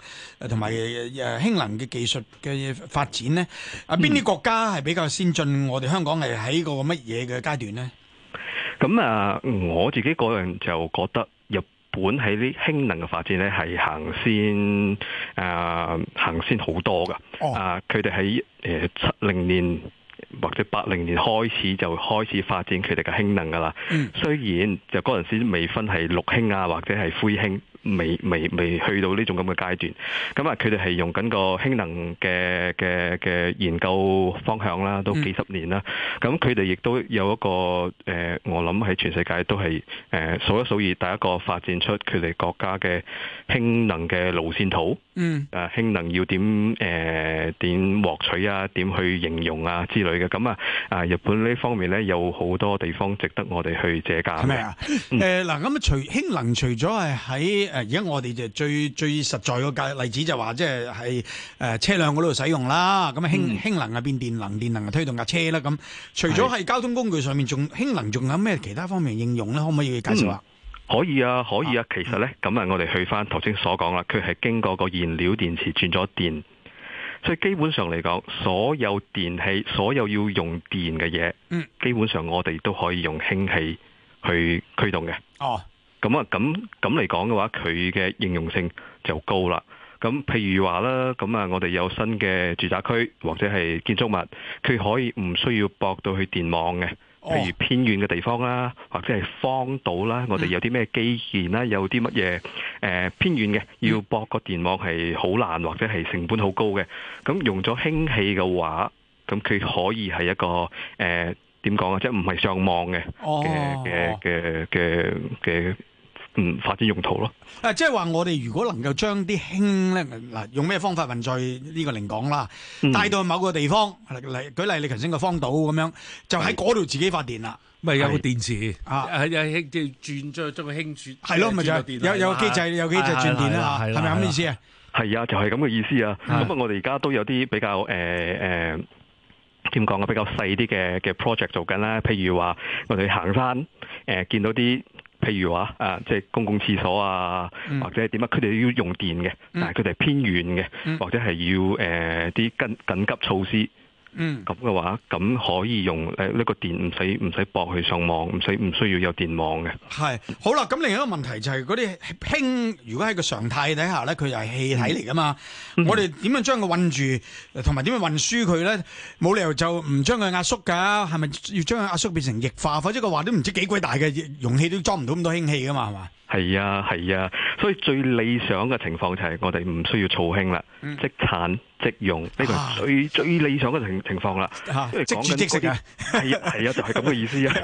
同埋誒氫能嘅技術嘅發展咧，啊邊啲國家係比較先進？我哋香港係喺個乜嘢嘅階段咧？咁啊，我自己個人就覺得。本喺啲氫能嘅發展咧，係行先，啊、呃、行先好多噶，啊佢哋喺誒七零年或者八零年開始就開始發展佢哋嘅氫能噶啦，嗯、雖然就嗰陣時未分係綠氫啊或者係灰氫。未未未去到呢種咁嘅階段，咁啊佢哋係用緊個氫能嘅嘅嘅研究方向啦，都幾十年啦。咁佢哋亦都有一個誒，我諗喺全世界都係誒數一數二第一個發展出佢哋國家嘅氫能嘅路線圖。嗯，誒氫能要點誒點獲取啊，點去形容啊之類嘅。咁啊啊日本呢方面咧有好多地方值得我哋去借鑑嘅。係咪啊？誒嗱，咁啊除氫能除咗係喺誒，而家我哋就最最實在個例子就話，即係係誒車輛嗰度使用啦。咁啊，氫氫、嗯、能啊變電能，電能啊推動架車啦。咁除咗係交通工具上面，仲氫能仲有咩其他方面應用咧？可唔可以介紹下？可以啊，可以啊。啊其實咧，咁啊、嗯，我哋去翻頭先所講啦，佢係經過個燃料電池轉咗電。所以基本上嚟講，所有電器、所有要用電嘅嘢，嗯、基本上我哋都可以用氫氣去驅動嘅。哦。咁啊，咁咁嚟講嘅話，佢嘅應用性就高啦。咁譬如話啦，咁啊，我哋有新嘅住宅區或者係建築物，佢可以唔需要駁到去電網嘅。譬如偏遠嘅地方啦，或者係荒島啦，我哋有啲咩基建啦，有啲乜嘢誒偏遠嘅，要駁個電網係好難或者係成本好高嘅。咁用咗氫氣嘅話，咁佢可以係一個誒點講啊，即係唔係上網嘅嘅嘅嘅嘅。哦。嗯，發展用途咯。誒，即係話我哋如果能夠將啲氫咧，嗱，用咩方法運載呢個零港啦，帶到去某個地方嚟舉例，你頭先個荒島咁樣，就喺嗰度自己發電啦。咪有電池啊？係有氫，即係轉，將將個氫轉。係咯，咪就係有有機制，有機制轉電啦。吓，係咪咁嘅意思啊？係啊，就係咁嘅意思啊。咁啊，我哋而家都有啲比較誒誒，點講啊？比較細啲嘅嘅 project 做緊啦。譬如話我哋行山，誒，見到啲。譬如話，誒、啊，即係公共廁所啊，或者點解佢哋都要用電嘅，但係佢哋係偏遠嘅，或者係要誒啲緊緊急措施。嗯，咁嘅話，咁可以用誒呢、呃這個電唔使唔使駁去上網，唔使唔需要有電網嘅。係，好啦，咁另一個問題就係嗰啲氫，如果喺個常態底下咧，佢又係氣體嚟噶嘛？嗯、我哋點樣將佢困住，同埋點樣運輸佢咧？冇理由就唔將佢壓縮噶，係咪要將佢壓縮變成液化？否則嘅話都唔知幾鬼大嘅容器都裝唔到咁多氫氣噶嘛？係嘛？係啊，係啊，所以最理想嘅情況就係我哋唔需要儲氫啦，即產、啊、即用呢個最最理想嘅情情況啦。吓、啊，即煮即食嘅，係係 啊，啊，就係咁嘅意思 啊。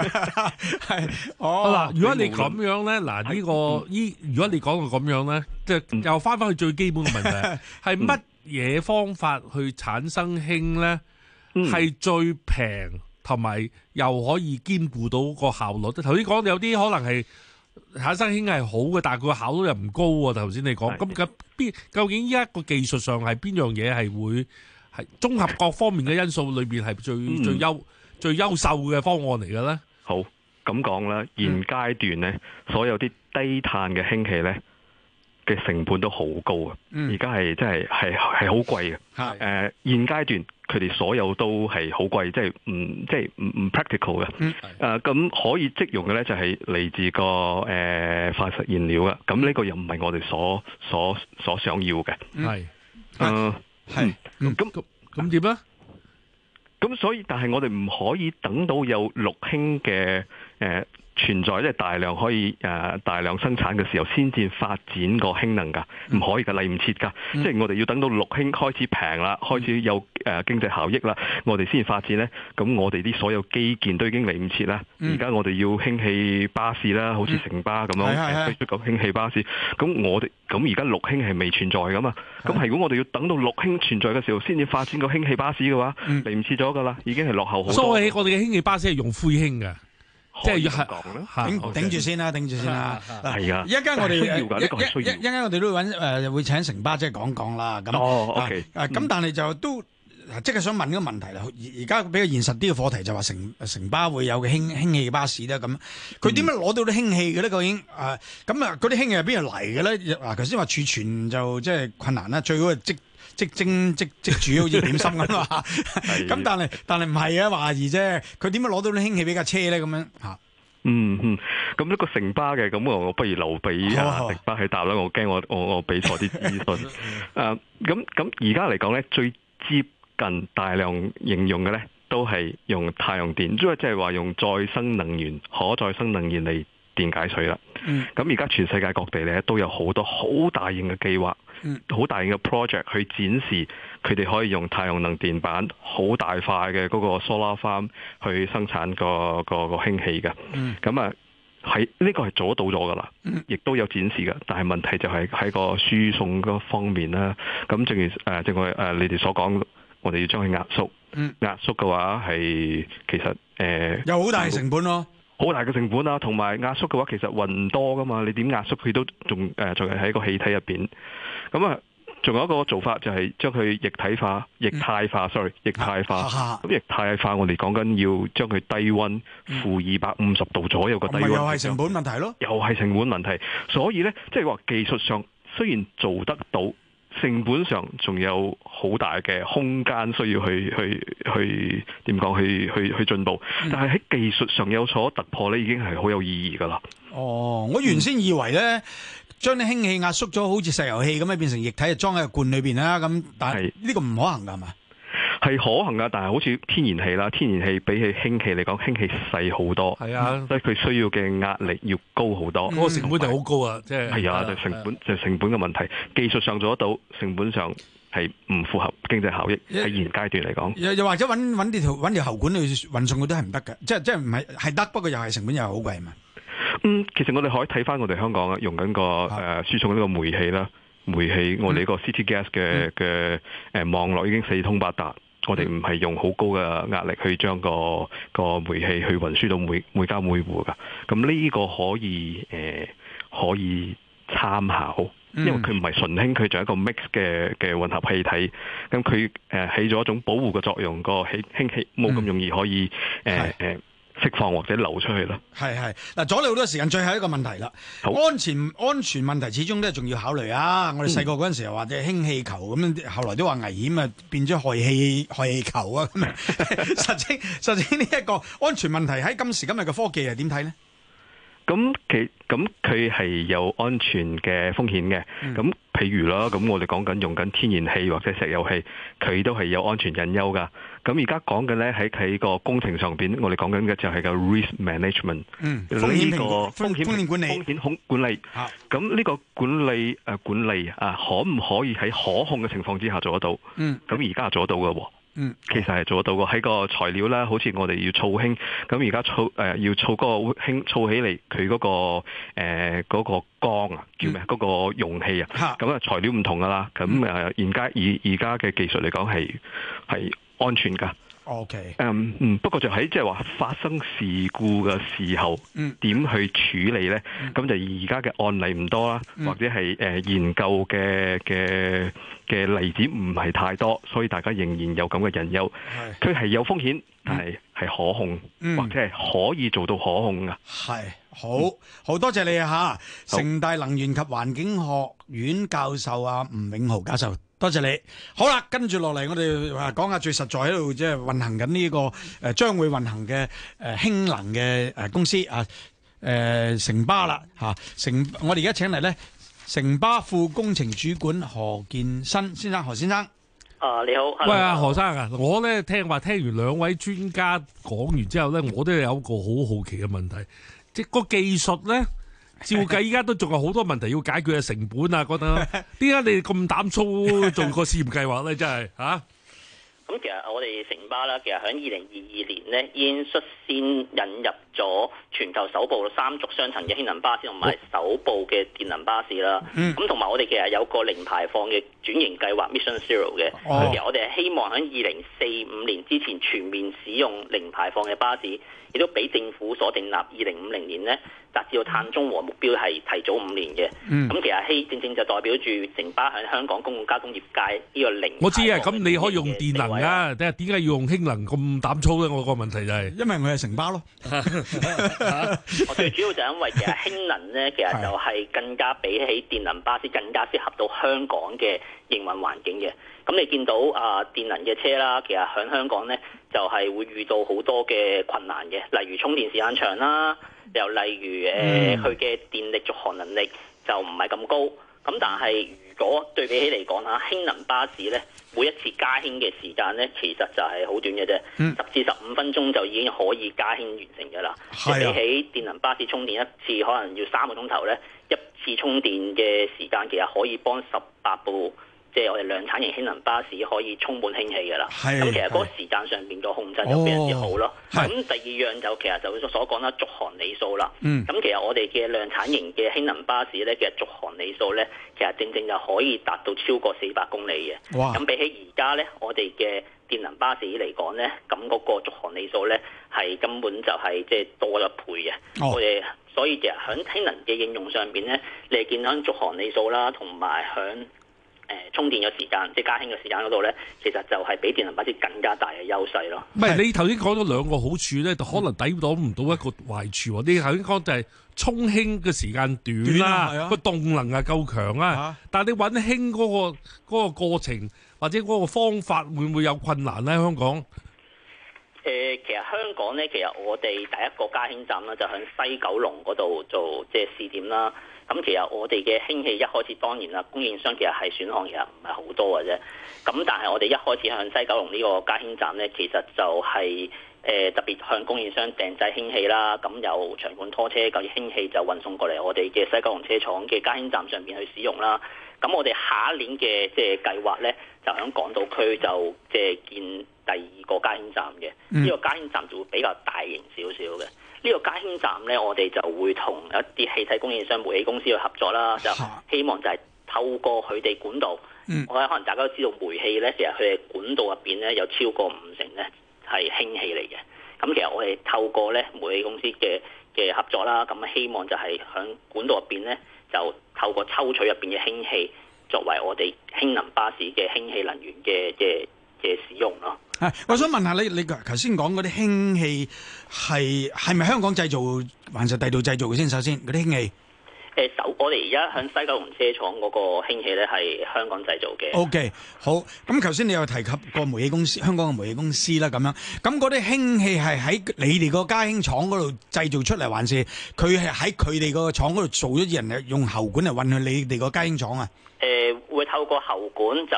係、哦，好嗱，如果你咁樣咧，嗱呢、這個依，嗯、如果你講到咁樣咧，即又翻翻去最基本嘅問題，係乜嘢方法去產生氫咧？係、嗯、最平，同埋又可以兼顧到個效率。即頭先講有啲可能係。產生氫係好嘅，但係佢個效率又唔高喎。頭先你講，咁的究竟依一個技術上係邊樣嘢係會係綜合各方面嘅因素裏邊係最最優、嗯、最優秀嘅方案嚟嘅咧？好咁講啦，現階段咧、嗯、所有啲低碳嘅氫氣咧嘅成本都好高啊，而家係真係係係好貴嘅。係誒，現階的、呃、段。佢哋所有都係好貴，即係唔即係唔唔 practical 嘅。誒咁、嗯呃、可以即用嘅咧，就係嚟自個誒、呃、化石燃料嘅。咁呢個又唔係我哋所所所想要嘅。係、嗯，嗯係。咁咁點啊？咁所以，但係我哋唔可以等到有六輕嘅誒。呃存在，即係大量可以誒、呃、大量生產嘅時候，先至發展個氫能噶，唔可以噶，嚟唔切噶。嗯、即係我哋要等到綠氫開始平啦，嗯、開始有誒、呃、經濟效益啦，我哋先發展呢，咁我哋啲所有基建都已經嚟唔切啦。而家、嗯、我哋要氫氣巴士啦，好似城巴咁樣推出個氫氣巴士。咁我哋咁而家綠氫係未存在噶嘛？咁係、嗯、如果我哋要等到綠氫存在嘅時候，先至發展個氫氣巴士嘅話，嚟唔切咗噶啦，已經係落後好多。所以我哋嘅氫氣巴士係用灰氫嘅。即係要係，頂頂住先啦，頂住先啦。係啊，一陣間我哋一陣間我哋都會誒會請城巴即係講講啦。咁、哦 okay, 啊咁，但係就都即係、就是、想問個問題啦。而而家比較現實啲嘅課題就話城城巴會有嘅氫氫氣巴士啦。咁佢點樣攞到啲氫氣嘅呢？究竟啊咁啊？嗰啲氫氣係邊度嚟嘅咧？嗱、啊，頭先話儲存就即係、就是、困難啦，最好係、就、即、是。即蒸即即煮 是的， 好似點心咁啊！咁但係但係唔係啊，華兒姐，佢點樣攞到啲氫氣俾架車咧？咁樣吓。嗯嗯。咁、那、一個城巴嘅，咁我不如留俾城、啊哦、巴去搭啦。我驚我我我俾錯啲資訊。誒、 uh,，咁咁而家嚟講咧，最接近大量應用嘅咧，都係用太陽電，即係即係話用再生能源、可再生能源嚟電解水啦。咁而家全世界各地咧，都有好多好大型嘅計劃。好、嗯、大型嘅 project 去展示佢哋可以用太陽能電板好大塊嘅嗰個 solar farm 去生產個個個氫氣嘅。咁、嗯、啊，喺、這、呢個係做到咗噶啦，亦都有展示嘅。但係問題就係喺個輸送嗰方面啦、啊。咁、呃，正如誒、呃，正如誒、呃，你哋所講，我哋要將佢壓縮。壓縮嘅話係其實誒，呃、有好大成本咯，好大嘅成本啊，同埋壓縮嘅話，其實云多噶嘛，你點壓縮佢都仲誒，仲係喺個氣體入邊。咁啊，仲有一個做法就係將佢液體化、液態化，sorry，液態化。咁 液態化，我哋講緊要將佢低温，負二百五十度左右嘅、嗯、低温。咪又係成本問題咯？又係成本問題，所以呢，即係話技術上雖然做得到，成本上仲有好大嘅空間需要去去去點講？去去去，去，去進步，但係喺技術上有所突破呢，已經係好有意義噶啦。哦，我原先以為呢。嗯將啲氫氣壓縮咗，好似石油氣咁啊，變成液體就裝喺個罐裏邊啦。咁，但係呢個唔可行噶，係嘛？係可行噶，但係好似天然氣啦，天然氣比起氫氣嚟講，氫氣細好多，啊、所以佢需要嘅壓力要高好多。個、嗯、且成本就好高啊，即係，係啊，就成本就成本嘅問題，啊、技術上做得到，成本上係唔符合經濟效益。喺是現階段嚟講，又又或者揾揾條條喉管去運送，嗰啲係唔得嘅，即係即係唔係係得，不過又係成本又係好貴嘛。嗯，其實我哋可以睇返我哋香港用緊個誒輸送呢個煤氣啦，煤氣我哋個 City Gas 嘅嘅誒網絡已經四通八達，我哋唔係用好高嘅壓力去將個個煤氣去運輸到每每家每戶噶。咁呢個可以誒、呃、可以參考，因為佢唔係純氫，佢仲有一個 mix 嘅嘅混合氣體。咁佢誒起咗一種保護嘅作用，個氫氫氣冇咁容易可以誒誒。嗯呃釋放或者流出去咯，係係嗱，阻你好多時間，最後一個問題啦。好安全安全問題始終都係仲要考慮啊！我哋細個嗰陣時又話啲氫氣球咁，嗯、後來都話危險啊，變咗氦氣氦氣球啊！咁啊， 實際實際呢一個安全問題喺今時今日嘅科技係點睇呢？咁佢咁佢係有安全嘅風險嘅，咁譬如啦，咁我哋講緊用緊天然氣或者石油氣，佢都係有安全隱憂噶。咁而家講嘅咧喺喺個工程上邊，我哋講緊嘅就係個 risk management，呢、嗯呢個風險管理風險控管理。咁呢、啊、個管理誒、啊、管理啊，可唔可以喺可控嘅情況之下做得到？咁而家做得到嘅喎。嗯，其實係做得到嘅，喺個材料啦，好似我哋要儲氫，咁而家儲誒要儲嗰、嗰個儲起嚟佢嗰個誒嗰、呃嗰個缸啊，叫咩？嗰、嗯、個容器啊，咁啊材料唔同㗎喇，咁誒而家而而家嘅技術嚟講係係安全㗎。O K，嗯嗯，不過就喺即係話發生事故嘅時候，點去處理咧？咁就而家嘅案例唔多啦，或者係誒研究嘅嘅嘅例子唔係太多，所以大家仍然有咁嘅人憂。佢係有風險，但係係可控，或者係可以做到可控噶。係好好多謝你啊！吓，城大能源及環境學院教授啊吳永豪教授。多謝你，好啦，跟住落嚟，我哋話講下最實在喺度，即係運行緊呢個誒，將會運行嘅誒，氫能嘅誒公司啊，誒，城巴啦吓，城，我哋而家請嚟咧，城巴副工程主管何建新先生，何先生，啊，你好，喂啊，何生啊，我咧聽話聽完兩位專家講完之後咧，我都有一個好好奇嘅問題，即係個技術咧。照計依家都仲有好多問題要解決嘅，成本啊，覺得點解你哋咁膽粗做個試驗計劃咧？真係吓。咁其實我哋城巴啦，其實響二零二二年咧，已經率先引入咗全球首部三軸雙層嘅氫能巴士同埋首部嘅電能巴士啦，咁同埋我哋其實有個零排放嘅轉型計劃 Mission Zero 嘅，哦、其實我哋係希望喺二零四五年之前全面使用零排放嘅巴士，亦都俾政府所訂立二零五零年呢，達至到碳中和目標係提早五年嘅。咁、嗯嗯、其實希正正就代表住城巴喺香港公共交通業界呢個零。我知啊，咁你可以用電能啊，睇下點解要用氫能咁膽粗咧？我個問題就係、是、因為我係城巴咯。 我最主要就係因為其實氫能咧，其實就係更加比起電能巴士更加適合到香港嘅營運環境嘅。咁你見到啊、呃，電能嘅車啦，其實響香港咧就係、是、會遇到好多嘅困難嘅，例如充電時間長啦，又例如誒佢嘅電力續航能力就唔係咁高。咁但係。嗰、嗯、對比起嚟講啦，氫能巴士咧，每一次加氫嘅時間咧，其實就係好短嘅啫，十至十五分鐘就已經可以加氫完成嘅啦。比起電能巴士充電一次可能要三個鐘頭咧，一次充電嘅時間其實可以幫十八部。即係我哋量產型氫能巴士可以充滿氫氣嘅啦。咁的，其實嗰個時間上面嘅控制就非常之好咯。咁、哦、第二樣就其實就所講啦，續航里數啦。咁、嗯、其實我哋嘅量產型嘅氫能巴士咧嘅續航里數咧，其實正正就可以達到超過四百公里嘅。咁哇比起而家咧，我哋嘅電能巴士嚟講咧，咁嗰個續航里數咧係根本就係即係多一倍嘅。哦、我哋所以其實響氫能嘅應用上邊咧，你見到續航里數啦，同埋響，誒、呃、充電嘅時間，即係加氫嘅時間嗰度咧，其實就係比電能巴士更加大嘅優勢咯。唔係是是你頭先講咗兩個好處咧，就可能抵擋唔到一個壞處喎。你頭先講就係充氫嘅時間短啦，個、啊啊、動能啊夠強啊，啊但係你揾氫嗰、那個嗰、那個過程或者嗰個方法會唔會有困難咧？香港？誒、呃，其實香港咧，其實我哋第一個加氫站咧就喺西九龍嗰度做即係、就是、試點啦。就是咁其實我哋嘅氫氣一開始當然啦，供應商其實係選項其實唔係好多嘅啫。咁但係我哋一開始向西九龍呢個加氫站呢，其實就係、是、誒、呃、特別向供應商訂製氫氣啦。咁由長管拖車攪氫氣就運送過嚟我哋嘅西九龍車廠嘅加氫站上邊去使用啦。咁我哋下一年嘅即係計劃呢，就響港島區就即係建第二個加氫站嘅，呢、這個加氫站就會比較大型少少嘅。呢個加氫站呢，我哋就會同一啲氣體供應商、煤氣公司去合作啦，就希望就係透過佢哋管道。嗯、我諗可能大家都知道煤氣呢，其實佢哋管道入邊呢，有超過五成呢係氫氣嚟嘅。咁其實我哋透過呢煤氣公司嘅嘅合作啦，咁希望就係響管道入邊呢，就透過抽取入邊嘅氫氣，作為我哋氫能巴士嘅氫氣能源嘅嘅嘅使用咯。誒，我想問下你，你頭先講嗰啲氫氣係係咪香港製造，還是地道製造嘅先？首先嗰啲氫氣，誒，首我哋而家響西九龍車廠嗰個氫氣咧係香港製造嘅。OK，好，咁頭先你又提及個煤氣公司，香港嘅煤氣公司啦，咁樣，咁嗰啲氫氣係喺你哋個加氫廠嗰度製造出嚟，還是佢係喺佢哋個廠嗰度做咗啲人嚟，用喉管嚟運去你哋個加氫廠啊？誒，會透過喉管就。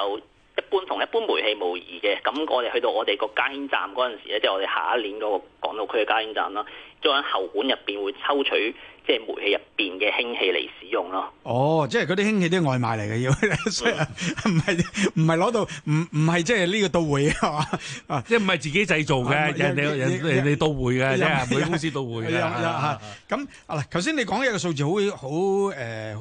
一般同一般煤氣無異嘅，咁我哋去到我哋個加氫站嗰陣時咧，即係我哋下一年嗰個港島區嘅加氫站啦。將喺喉管入邊會抽取即係煤氣入邊嘅氫氣嚟使用咯。哦，即係嗰啲氫氣都外賣嚟嘅要，所以唔係唔係攞到，唔唔係即係呢個倒回啊？啊，即係唔係自己製造嘅，人哋人哋倒回嘅，即係每公司倒回嘅。咁啊，頭先你講嘅一個數字好好誒，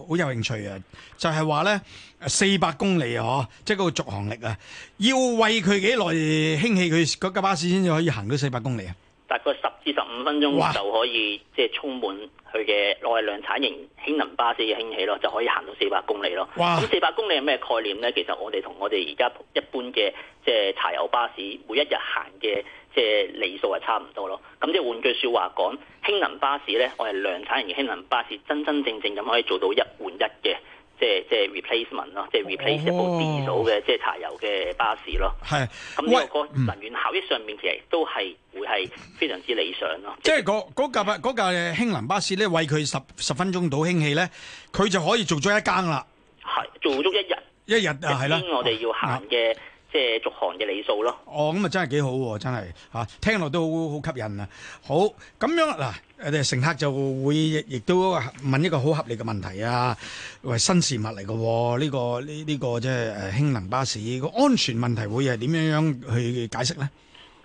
好有興趣啊，就係話咧四百公里啊，即係嗰個續航力啊，要餵佢幾耐氫氣，佢嗰架巴士先至可以行到四百公里啊？大概十至十五分鐘就可以哇即係充滿佢嘅我係量產型氫能巴士嘅氫氣咯，就可以行到四百公里咯。咁四百公里係咩概念呢？其實我哋同我哋而家一般嘅即係柴油巴士每一日行嘅即係里數係差唔多咯。咁即係換句説話講，氫能巴士呢，我係量產型嘅氫能巴士，真真正正咁可以做到一換一嘅。即係即係 replacement 咯，即係 replace a b l e 二手嘅即係柴油嘅巴士咯。係咁因為呢個能源效益上面其實都係會係非常之理想咯。即係嗰架嗰架氫能巴士咧，為佢十十分鐘到氫氣咧，佢就可以做咗一更啦。係做足一日一日啊，係啦。我哋要行嘅即係續航嘅里數咯。哦，咁啊真係幾好喎，真係嚇聽落都好好吸引啊！好咁樣嗱。誒啲乘客就會亦都問一個好合理嘅問題啊！喂，新事物嚟嘅喎，呢個呢呢個即係誒氫能巴士個安全問題會係點樣樣去解釋咧？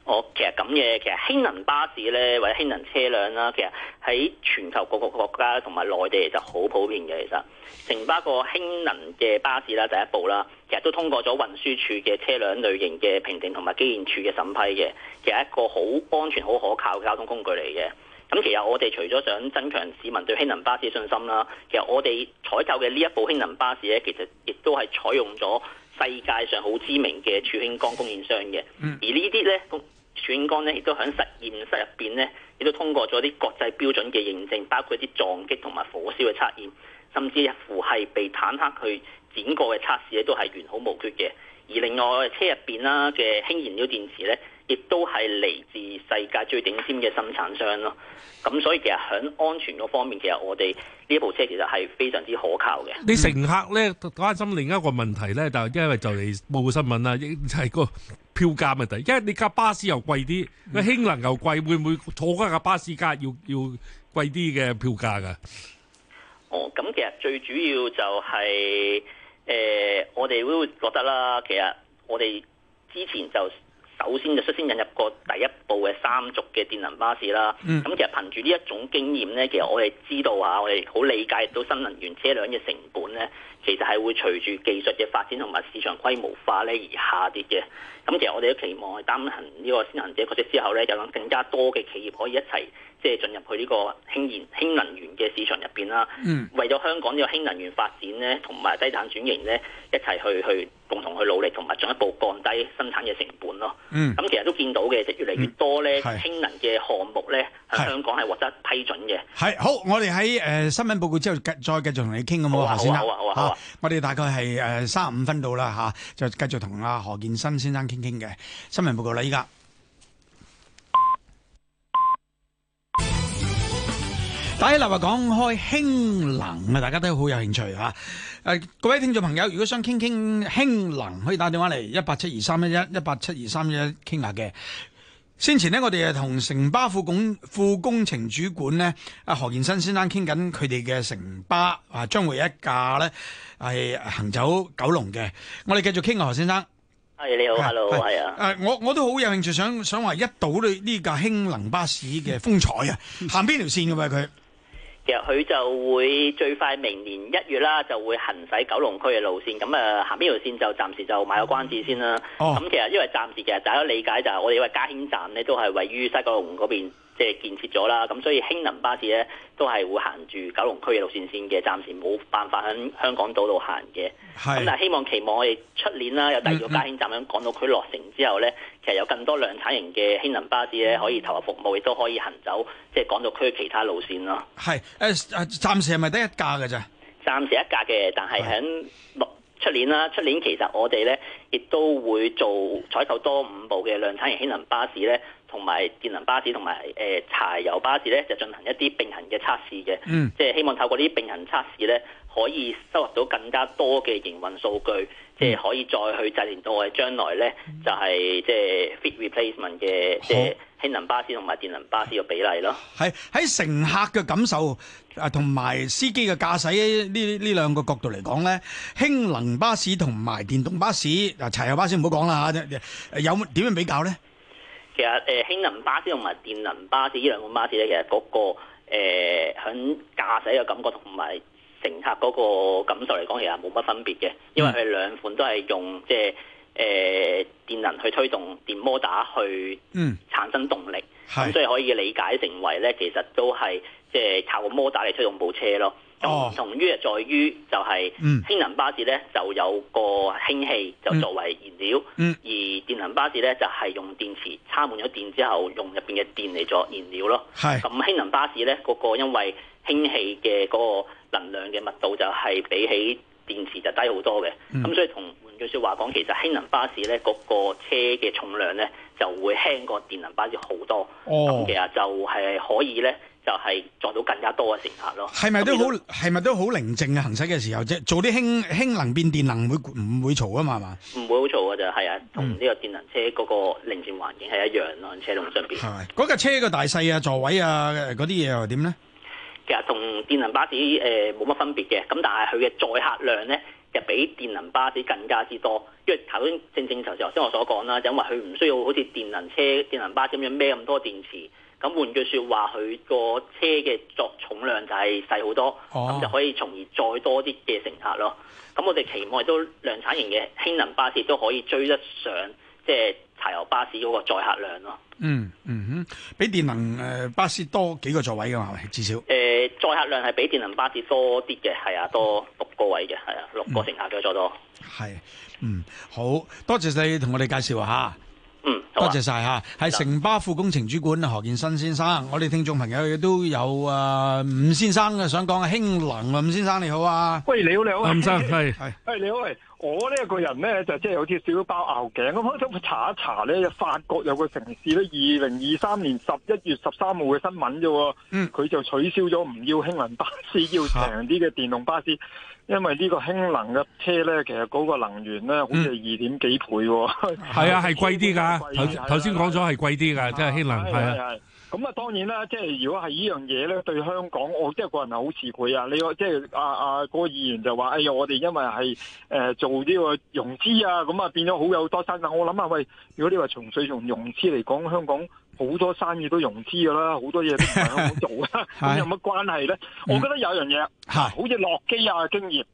哦，其實咁嘅，其實氫能巴士咧或者氫能車輛啦，其實喺全球各個國家同埋內地就好普遍嘅。其實，乘搭個氫能嘅巴士啦，第一步啦，其實都通過咗運輸署嘅車輛類型嘅評定同埋機電署嘅審批嘅，其實一個好安全、好可靠嘅交通工具嚟嘅。咁其實我哋除咗想增強市民對氫能巴士嘅信心啦，其實我哋採購嘅呢一部氫能巴士咧，其實亦都係採用咗世界上好知名嘅儲氫缸供應商嘅。而呢啲咧儲氫缸咧，亦都喺實驗室入邊咧，亦都通過咗啲國際標準嘅認證，包括啲撞擊同埋火燒嘅測驗，甚至乎係被坦克去剪過嘅測試咧，都係完好無缺嘅。而另外車入邊啦嘅氫燃料電池咧。亦都係嚟自世界最頂尖嘅生產商咯，咁所以其實喺安全嗰方面，其實我哋呢部車其實係非常之可靠嘅。你乘客咧，關心另一個問題咧，就是、因為就嚟報個新聞啦，係、就是、個票價問題，因為你架巴士又貴啲，個氫能又貴，會唔會坐翻架巴士價要要貴啲嘅票價噶？哦，咁其實最主要就係、是、誒、呃，我哋都會覺得啦。其實我哋之前就。首先就率先引入過第一部嘅三軸嘅電能巴士啦，咁其實憑住呢一種經驗咧，其實我哋知道啊，我哋好理解到新能源車輛嘅成本咧。其實係會隨住技術嘅發展同埋市場規模化咧而下跌嘅。咁其實我哋都期望係擔行呢個先行者角色之後咧，有更加多嘅企業可以一齊即係進入去呢個氫燃氫能源嘅市場入邊啦。嗯。為咗香港呢個氫能源發展咧，同埋低碳轉型咧，一齊去去共同去努力，同埋進一步降低生產嘅成本咯。嗯。咁其實都見到嘅就越嚟越多咧，嗯、氫能嘅項目咧，的香港係獲得批准嘅。係好，我哋喺誒新聞報告之後再繼續同你傾咁好嗎？啊了啊？好啊。我哋大概係誒三十五分到啦，吓，就繼續同阿何建新先生傾傾嘅新聞報告啦。依家 打起嚟話講開氫能啊，大家都好有興趣吓。誒、啊，各位聽眾朋友，如果想傾傾氫能，可以打電話嚟一八七二三一一一八七二三一一傾下嘅。先前呢，我哋啊同城巴副工副工程主管呢，阿何建新先生傾緊佢哋嘅城巴啊，將會一架咧係行走九龍嘅。我哋繼續傾阿何先生。係、hey, 你好，hello，係啊。誒、啊，我我都好有興趣想想話一睹呢呢架氫能巴士嘅風采啊！行邊條線嘅喂佢？其實佢就會最快明年一月啦，就會行駛九龍區嘅路線。咁啊，行邊條線就暫時就買個關子先啦。咁、哦、其實因為暫時，其實大家理解就係，我哋以為加氫站咧都係位於西九龍嗰邊。即係建設咗啦，咁所以氫能巴士咧都係會行住九龍區嘅路線線嘅，暫時冇辦法喺香港島度行嘅。咁是但係希望期望我哋出年啦，有第二個加氫站響、嗯嗯、港島區落成之後咧，其實有更多量產型嘅氫能巴士咧可以投入服務，亦都可以行走，走即係港島區其他路線咯。係，誒誒，暫時係咪得一架嘅啫？暫時一架嘅，但係響六出年啦，出是年其實我哋咧亦都會做採購多五部嘅量產型氫能巴士咧。同埋電能巴士同埋誒柴油巴士咧，就進行一啲並行嘅測試嘅，即係、嗯、希望透過呢啲並行測試咧，可以收入到更加多嘅營運數據，即係、嗯、可以再去制定到我哋將來咧就係即係 fit replacement 嘅即係氫能巴士同埋電能巴士嘅比例咯。係喺乘客嘅感受啊，同埋司機嘅駕駛呢呢兩個角度嚟講咧，氫能巴士同埋電動巴士，嗱柴油巴士唔好講啦嚇，有冇點樣比較咧？其實誒，氫能巴士同埋電能巴士呢兩款巴士咧，其實嗰、那個誒，響駕駛嘅感覺同埋乘客嗰個感受嚟講，其實冇乜分別嘅，因為佢兩款都係用即係誒、呃、電能去推動電摩打去產生動力，咁、嗯、所以可以理解成為咧，其實都係即係靠個摩打嚟推動部車咯。同於啊，在於就係氫能巴士咧，嗯、就有個氫氣就作為燃料，嗯、而電能巴士咧就係用電池插滿咗電之後用入邊嘅電嚟作燃料咯。是，咁氫能巴士咧，嗰個因為氫氣嘅嗰個能量嘅密度就係比起電池就低好多嘅，咁、嗯、所以同換句説話講，其實氫能巴士咧，嗰個車嘅重量咧就會輕過電能巴士好多，咁、哦、其實就係可以咧。就係撞到更加多嘅乘客咯。係咪都好？係咪、嗯、都好寧靜嘅行駛嘅時候啫？即做啲氫氫能變電能會，會唔會嘈啊？嘛，係嘛？唔會好嘈㗎咋，係啊，同呢個電能車嗰個寧靜環境係一樣咯。車路上邊嗰架車嘅大細啊、座位啊嗰啲嘢又點咧？其實同電能巴士誒冇乜分別嘅，咁但係佢嘅載客量咧就比電能巴士更加之多，因為頭先正正就係頭先我所講啦，就係、因為佢唔需要好似電能車、電能巴士咁樣孭咁多電池。咁換句説話，佢個車嘅作重量就係細好多，咁、哦、就可以從而再多啲嘅乘客咯。咁我哋期望都量產型嘅氫能巴士都可以追得上，即係柴油巴士嗰個載客量咯。嗯嗯哼，比電能誒巴士多幾個座位㗎嘛，係咪？至少誒、呃、載客量係比電能巴士多啲嘅，係啊，多六個位嘅，係啊，六個乘客嘅坐多。係、嗯，嗯，好多謝你同我哋介紹吓。嗯， 多謝晒吓，係城巴副工程主管何建新先生。我哋聽眾朋友亦都有啊，吳、呃、先生啊，想講氫能林先生你好啊， 喂你好你好，林生係係，喂你好喂、 哎，我呢個人咧就即、是、係有啲小包拗頸咁，我想查一查咧，法國有個城市咧，二零二三年十一月十三號嘅新聞啫，嗯，佢就取消咗唔要氫能巴士，要長啲嘅電動巴士。因為個呢個氫能嘅車咧，其實嗰個能源咧好似係二點幾倍，係、嗯、 啊，係貴啲噶。頭先講咗係貴啲噶，即係氫能係啊。咁啊，啊，啊，啊、嗯，當然啦，即係如果係呢樣嘢咧，對香港我即係個人係好持愧啊。你即係啊阿、嗰個議員就話：哎呀，我哋因為係誒、呃、做呢個融資啊，咁啊變咗好有多新。但我諗啊，喂，如果你話從最從融資嚟講，香港。好多生意都融資㗎啦，好多嘢都唔係好做啊！咁 有乜關係咧？我覺得有一樣嘢，好似諾基亞嘅經驗。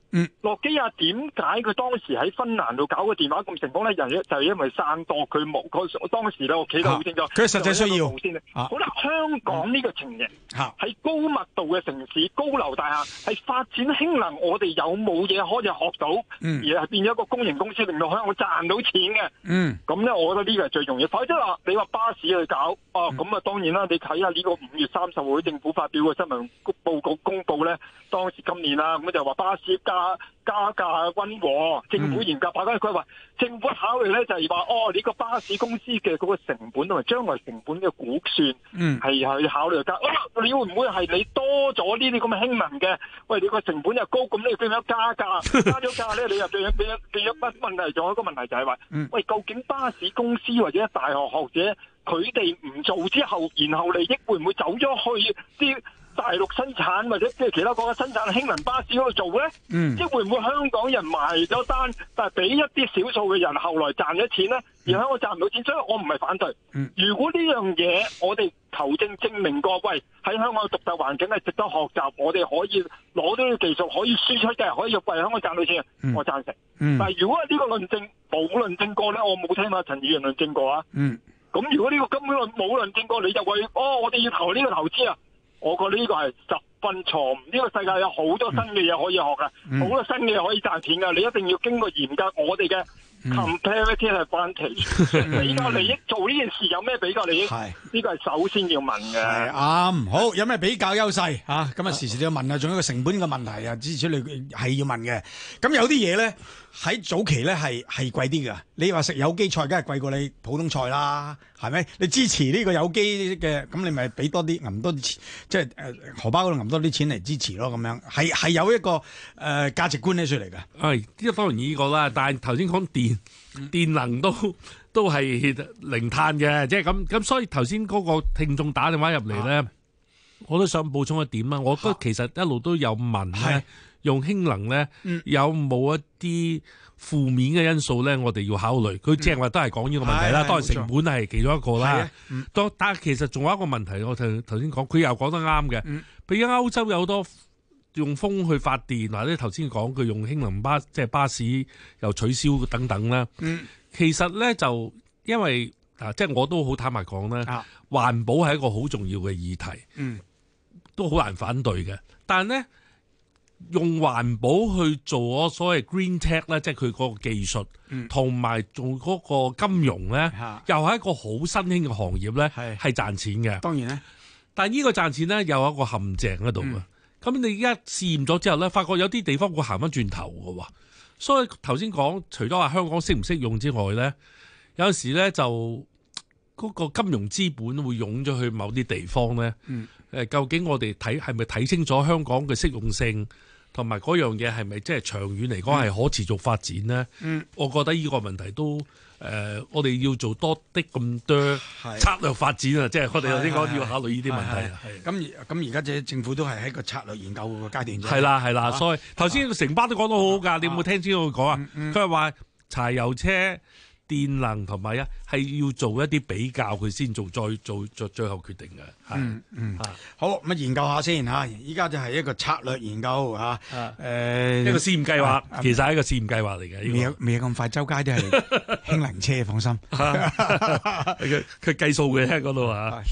諾基亞點解佢當時喺芬蘭度搞個電話咁成功咧？人就係、是、因為散多，佢冇佢當時咧我企得好清楚，佢、啊、實際需要先、啊嗯、好啦，香港呢個情形喺、啊嗯啊、高密度嘅城市，高樓大廈係發展興能。我哋有冇嘢可以學到？而係變咗一個公營公司，令到香港賺到錢嘅。咁咧、啊，嗯、我覺得呢個係最重要。否則話你話巴士去搞。哦，咁、嗯、啊、嗯、當然啦。你睇下呢個五月三十號，政府發表嘅新聞報告公布咧，當時今年啦，咁、嗯、就話巴士加加價溫和。政府嚴格把關規劃，政府考慮咧就係、是、話，哦，你、這個巴士公司嘅嗰個成本同埋將來成本嘅估算考慮，嗯，係去考慮加。喂，你會唔會係你多咗呢啲咁嘅氫能嘅？喂，你個成本又高，咁你變咗加價， 加咗價咧，你又變咗變咗變咗乜問題？仲有一個問題就係、是、話，喂，究竟巴士公司或者大學學者？佢哋唔做之後，然後利益會唔會走咗去啲大陸生產或者即係其他國家生產氫能巴士嗰度做呢，即係、嗯、會唔會香港人埋咗單，但係俾一啲少數嘅人後來賺咗錢呢？而香港賺唔到錢，所以我唔係反對。如果呢樣嘢我哋求證證明過，喂喺香港嘅獨特環境係值得學習，我哋可以攞到啲技術可以輸出嘅，可以為香港賺到錢，我讚成。嗯嗯、但係如果呢個論證冇論證過呢，我冇聽過，陳議員論證過啊。嗯咁如果呢個根本個冇論證過，你就話哦，我哋要投呢個投資啊？我覺得呢個係十分錯誤。呢、這個世界有好多新嘅嘢可以學噶，好、嗯、多新嘅嘢可以賺錢噶。你一定要經過嚴格我哋嘅 compared 係分歧、嗯，比較利益做呢件事有咩比較利益？係呢個係首先要問嘅。係啱、嗯，好有咩比較優勢啊？咁啊時時都要問啊，仲有一個成本嘅問題啊，至少你係要問嘅。咁有啲嘢咧。喺早期咧係係貴啲嘅，你話食有機菜，梗係貴過你普通菜啦，係咪？你支持呢個有機嘅，咁你咪俾多啲銀多啲錢，即係誒荷包度銀多啲錢嚟支持咯，咁樣係係有一個誒、呃、價值觀喺出嚟嘅。呢一、哎、當然呢個啦，但係頭先講電電能都都係零碳嘅，即係咁咁，所以頭先嗰個聽眾打電話入嚟咧，啊、我都想補充一點啦。我都其實一路都有問咧、啊。用氫能咧，嗯、有冇一啲負面嘅因素咧？我哋要考慮。佢即係話都係講呢個問題啦。嗯、當然成本係其中一個啦。嗯、但係其實仲有一個問題，我頭頭先講，佢又講得啱嘅。嗯、比如歐洲有好多用風去發電，或者頭先講佢用氫能巴，即係巴士又取消等等啦。嗯、其實咧就因為即係我都好坦白講咧，啊、環保係一個好重要嘅議題，嗯、都好難反對嘅。但係咧。用環保去做嗰所謂 Green Tech 咧，即係佢嗰個技術，同埋做嗰個金融咧，啊、又係一個好新興嘅行業咧，係是賺錢嘅。當然咧，但係呢個賺錢咧，又有一個陷阱喺度嘅。咁、嗯、你而家試驗咗之後咧，發覺有啲地方會行翻轉頭嘅喎。所以頭先講，除咗話香港適唔適用之外咧，有時咧就嗰個金融資本會湧咗去某啲地方咧。誒、嗯，究竟我哋睇係咪睇清楚香港嘅適用性？同埋嗰樣嘢係咪即係長遠嚟講係可持續發展咧？嗯，我覺得呢個問題都誒、呃，我哋要做多啲咁多策略發展啊！即係是我哋頭先講要考慮呢啲問題啦。咁咁而家即政府都係喺個策略研究個階段。係啦，係啦。啊、所以頭先城巴都講得好好㗎，啊、你有冇聽先佢講啊？佢係話柴油車。電能同埋啊，係要做一啲比較，佢先做，再做，再最後決定嘅。嗯、啊、嗯。好，咁啊研究下先啊，依家就係一個策略研究啊。誒、啊，一個試驗計劃。哎、其實係一個試驗計劃嚟嘅。未、哎、有未有咁快，周街都係氫能車， 放心。佢佢計數嘅喺嗰度啊。 啊